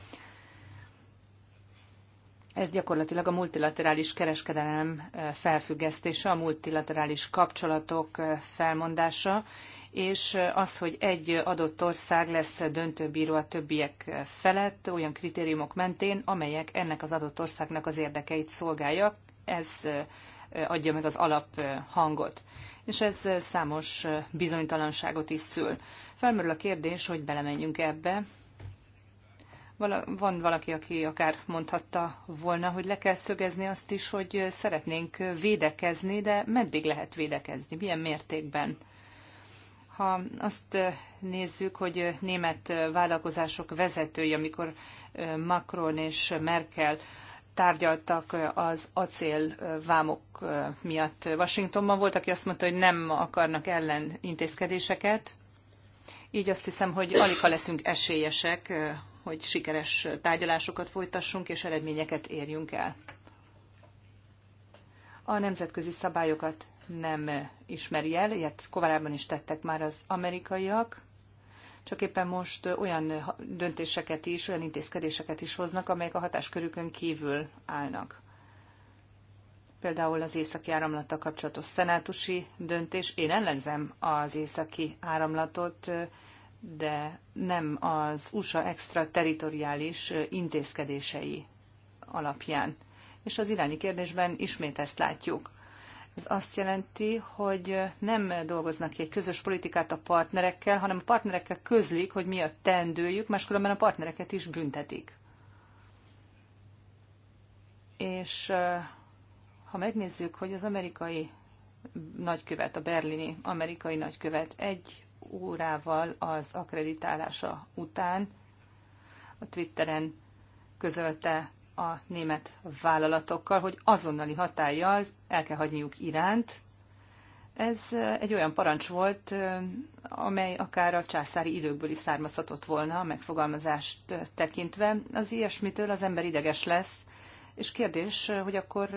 Ez gyakorlatilag a multilaterális kereskedelem felfüggesztése, a multilaterális kapcsolatok felmondása, és az, hogy egy adott ország lesz döntőbíró a többiek felett olyan kritériumok mentén, amelyek ennek az adott országnak az érdekeit szolgálja. Ez adja meg az alaphangot. És ez számos bizonytalanságot is szül. Felmerül a kérdés, hogy belemenjünk ebbe. van valaki, aki akár mondhatta volna, hogy le kell szögezni azt is, hogy szeretnénk védekezni, de meddig lehet védekezni, milyen mértékben? ha azt nézzük, hogy német vállalkozások vezetői, amikor Macron és Merkel tárgyaltak az acél vámok miatt Washingtonban, volt, aki azt mondta, hogy nem akarnak ellen intézkedéseket, így azt hiszem, hogy alig ha leszünk esélyesek, hogy sikeres tárgyalásokat folytassunk és eredményeket érjünk el. A nemzetközi szabályokat nem ismeri el, ilyet korábban is tettek már az amerikaiak, csak éppen most olyan döntéseket is, olyan intézkedéseket is hoznak, amelyek a hatáskörükön kívül állnak. Például az északi áramlata kapcsolatos szenátusi döntés. Én ellenzem az északi áramlatot, de nem az USA extraterritoriális intézkedései alapján. És az iráni kérdésben ismét ezt látjuk. Ez azt jelenti, hogy nem dolgoznak ki egy közös politikát a partnerekkel, hanem a partnerekkel közlik, hogy mi a tendőjük, máskülönben a partnereket is büntetik. És eh, ha megnézzük, hogy az amerikai nagykövet, a berlini amerikai nagykövet egy órával az akreditálása után a Twitteren közölte a német vállalatokkal, hogy azonnali hatállyal el kell hagyniuk Iránt. Ez egy olyan parancs volt, amely akár a császári időkből is származhatott volna a megfogalmazást tekintve. Az ilyesmitől az ember ideges lesz, és kérdés, hogy akkor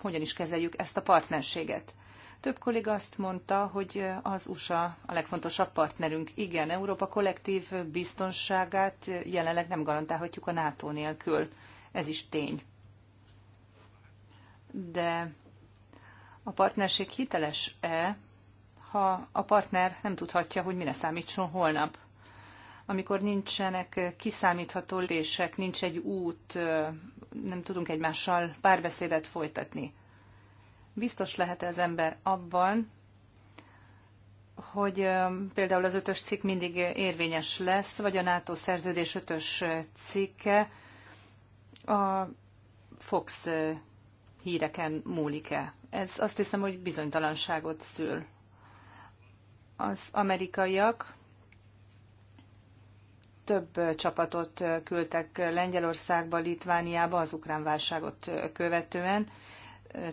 hogyan is kezeljük ezt a partnerséget. Több kolléga azt mondta, hogy az USA a legfontosabb partnerünk. Igen, Európa kollektív biztonságát jelenleg nem garantálhatjuk a NATO nélkül ez is tény. De a partnerség hiteles-e, ha a partner nem tudhatja, hogy mire számítson holnap? Amikor nincsenek kiszámítható lépések, nincs egy út, nem tudunk egymással párbeszédet folytatni. Biztos lehet az ember abban, hogy például az ötös cikk mindig érvényes lesz, vagy a NATO szerződés ötös cikke, a Fox híreken múlik-e. Ez azt hiszem, hogy bizonytalanságot szül. Az amerikaiak több csapatot küldtek Lengyelországba, Litvániába az ukrán válságot követően,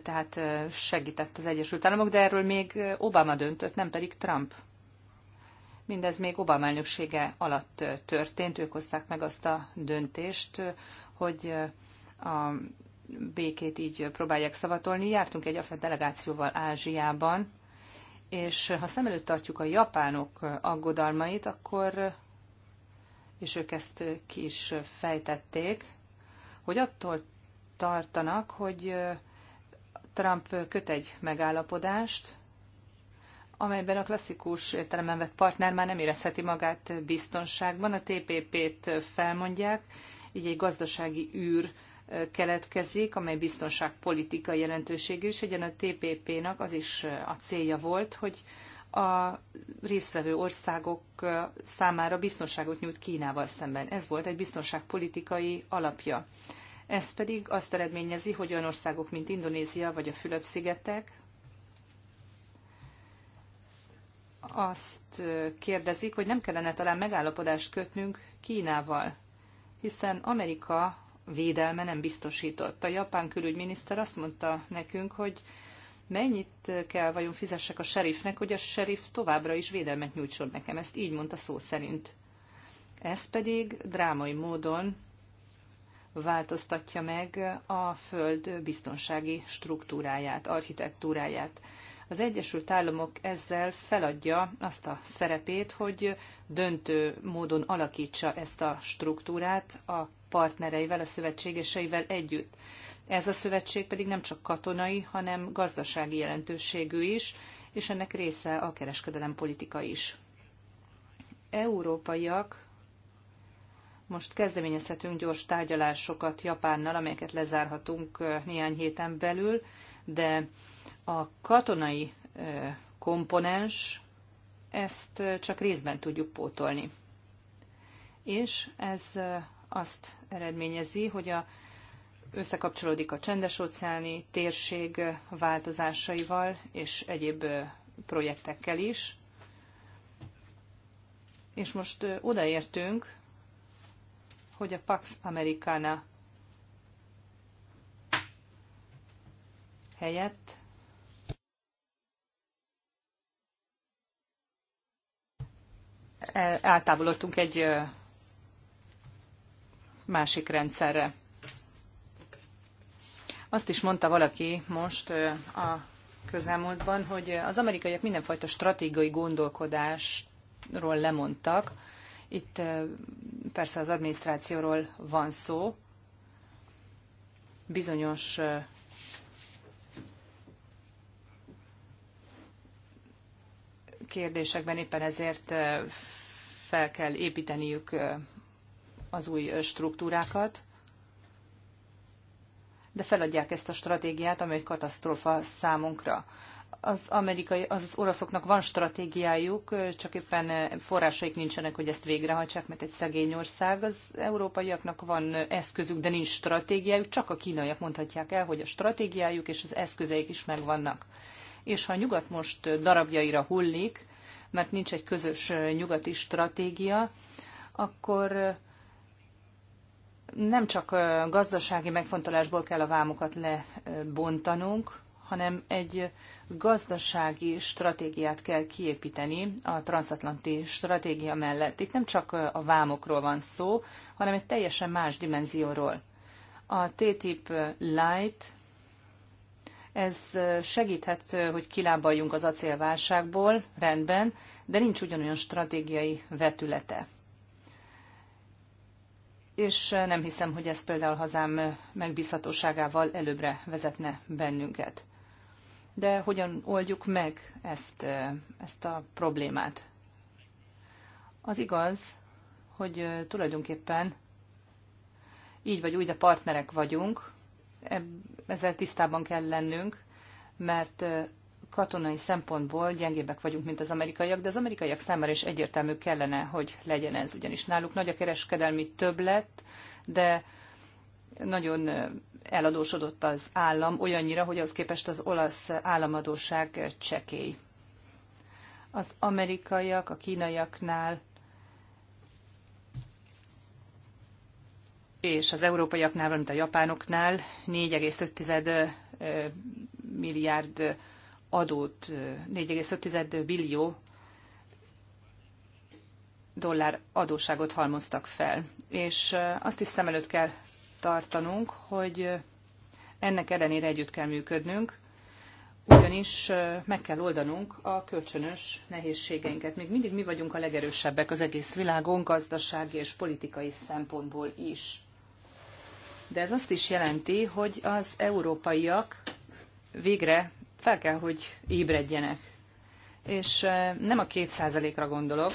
tehát segített az Egyesült Államok, de erről még Obama döntött, nem pedig Trump. Mindez még Obama elnöksége alatt történt, ők hozták meg azt a döntést, hogy a békét így próbálják szavatolni. Jártunk egy AFED delegációval Ázsiában, és ha szem előtt tartjuk a japánok aggodalmait, akkor, és ők ezt ki is fejtették, hogy attól tartanak, hogy Trump köt egy megállapodást, amelyben a klasszikus értelemben vett partner már nem érezheti magát biztonságban, a TPP-t felmondják, így egy gazdasági űr keletkezik, amely biztonságpolitikai jelentőségű, és egyen a TPP-nak az is a célja volt, hogy a résztvevő országok számára biztonságot nyújt Kínával szemben. Ez volt egy biztonságpolitikai alapja. Ez pedig azt eredményezi, hogy olyan országok, mint Indonézia vagy a Fülöp-szigetek azt kérdezik, hogy nem kellene talán megállapodást kötnünk Kínával hiszen Amerika védelme nem biztosított. A japán külügyminiszter azt mondta nekünk, hogy mennyit kell vajon fizessek a serifnek, hogy a serif továbbra is védelmet nyújtson nekem. Ezt így mondta szó szerint. Ez pedig drámai módon változtatja meg a föld biztonsági struktúráját, architektúráját. Az Egyesült Államok ezzel feladja azt a szerepét, hogy döntő módon alakítsa ezt a struktúrát a partnereivel, a szövetségeseivel együtt. Ez a szövetség pedig nem csak katonai, hanem gazdasági jelentőségű is, és ennek része a kereskedelem politika is. Európaiak most kezdeményezhetünk gyors tárgyalásokat Japánnal, amelyeket lezárhatunk eh, néhány héten belül, de a katonai komponens ezt csak részben tudjuk pótolni. És ez azt eredményezi, hogy a, összekapcsolódik a csendes-óceáni térség változásaival és egyéb projektekkel is. És most odaértünk, hogy a Pax Americana helyett eltávolodtunk egy másik rendszerre. Azt is mondta valaki most a közelmúltban, hogy az amerikaiak mindenfajta stratégiai gondolkodásról lemondtak. Itt persze az adminisztrációról van szó. Bizonyos kérdésekben éppen ezért fel kell építeniük az új struktúrákat, de feladják ezt a stratégiát, egy katasztrófa számunkra. Az, amerikai, az oroszoknak van stratégiájuk, csak éppen forrásaik nincsenek, hogy ezt végrehajtsák, mert egy szegény ország. Az európaiaknak van eszközük, de nincs stratégiájuk, csak a kínaiak mondhatják el, hogy a stratégiájuk és az eszközeik is megvannak. És ha a nyugat most darabjaira hullik, mert nincs egy közös nyugati stratégia, akkor nem csak gazdasági megfontolásból kell a vámokat lebontanunk, hanem egy gazdasági stratégiát kell kiépíteni a transatlanti stratégia mellett. Itt nem csak a vámokról van szó, hanem egy teljesen más dimenzióról. A TTIP Light ez segíthet, hogy kilábaljunk az acélválságból, rendben, de nincs ugyanolyan stratégiai vetülete. És nem hiszem, hogy ez például hazám megbízhatóságával előbbre vezetne bennünket. De hogyan oldjuk meg ezt, ezt a problémát? Az igaz, hogy tulajdonképpen így vagy úgy, de partnerek vagyunk ezzel tisztában kell lennünk, mert katonai szempontból gyengébbek vagyunk, mint az amerikaiak, de az amerikaiak számára is egyértelmű kellene, hogy legyen ez, ugyanis náluk nagy a kereskedelmi többlet, de nagyon eladósodott az állam, olyannyira, hogy az képest az olasz államadóság csekély. Az amerikaiak a kínaiaknál és az európaiaknál, valamint a japánoknál 4,5 milliárd adót, 4,5 billió dollár adósságot halmoztak fel. És azt is szem előtt kell tartanunk, hogy ennek ellenére együtt kell működnünk, ugyanis meg kell oldanunk a kölcsönös nehézségeinket. Még mindig mi vagyunk a legerősebbek az egész világon, gazdasági és politikai szempontból is de ez azt is jelenti, hogy az európaiak végre fel kell, hogy ébredjenek. És nem a kétszázalékra gondolok.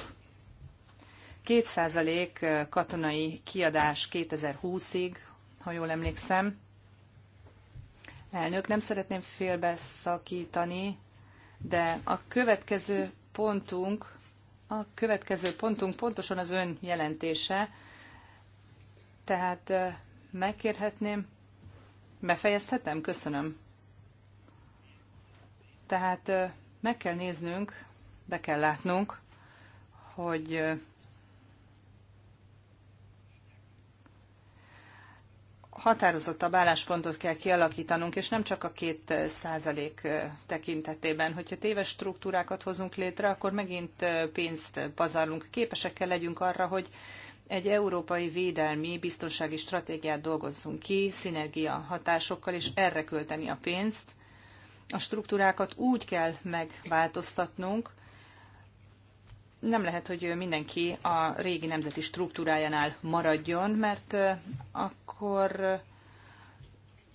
Kétszázalék katonai kiadás 2020-ig, ha jól emlékszem. Elnök, nem szeretném félbeszakítani, de a következő pontunk, a következő pontunk pontosan az ön jelentése, tehát megkérhetném, befejezhetem? Köszönöm. Tehát meg kell néznünk, be kell látnunk, hogy határozottabb álláspontot kell kialakítanunk, és nem csak a két százalék tekintetében. Hogyha téves struktúrákat hozunk létre, akkor megint pénzt pazarlunk. Képesek kell legyünk arra, hogy egy európai védelmi biztonsági stratégiát dolgozzunk ki, szinergia hatásokkal, és erre költeni a pénzt. A struktúrákat úgy kell megváltoztatnunk, nem lehet, hogy mindenki a régi nemzeti struktúrájánál maradjon, mert akkor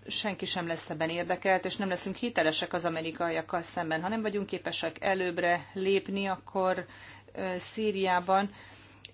senki sem lesz ebben érdekelt, és nem leszünk hitelesek az amerikaiakkal szemben. Ha nem vagyunk képesek előbbre lépni, akkor Szíriában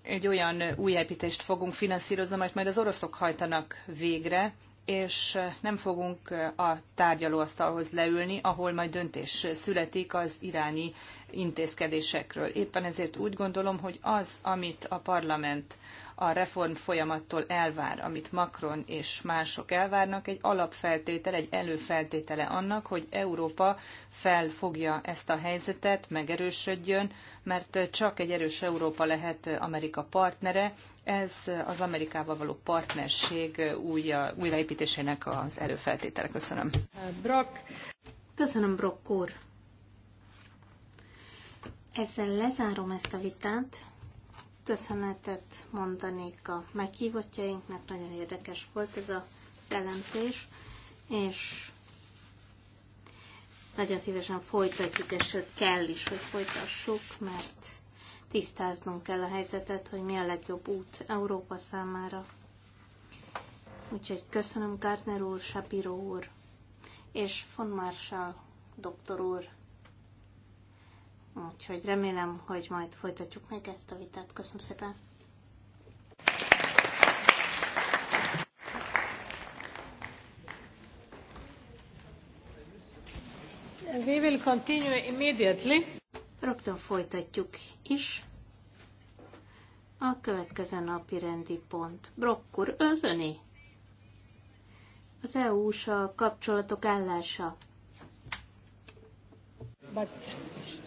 egy olyan újépítést fogunk finanszírozni, amit majd az oroszok hajtanak végre, és nem fogunk a tárgyalóasztalhoz leülni, ahol majd döntés születik az iráni intézkedésekről. Éppen ezért úgy gondolom, hogy az, amit a parlament a reform folyamattól elvár, amit Macron és mások elvárnak, egy alapfeltétel, egy előfeltétele annak, hogy Európa felfogja ezt a helyzetet, megerősödjön, mert csak egy erős Európa lehet Amerika partnere, ez az Amerikával való partnerség újja, újraépítésének az előfeltétele. Köszönöm. Brock. Köszönöm, Brock úr. Ezzel lezárom ezt a vitát köszönetet mondanék a meghívottjainknak, nagyon érdekes volt ez az elemzés, és nagyon szívesen folytatjuk, és sőt kell is, hogy folytassuk, mert tisztáznunk kell a helyzetet, hogy mi a legjobb út Európa számára. Úgyhogy köszönöm Gardner úr, Sapiro úr és von Marshall doktor úr Úgyhogy remélem, hogy majd folytatjuk meg ezt a vitát. Köszönöm szépen! We will continue immediately. Rögtön folytatjuk is. A következő napi rendi pont. Brokkur özöni. Az eu a kapcsolatok állása. But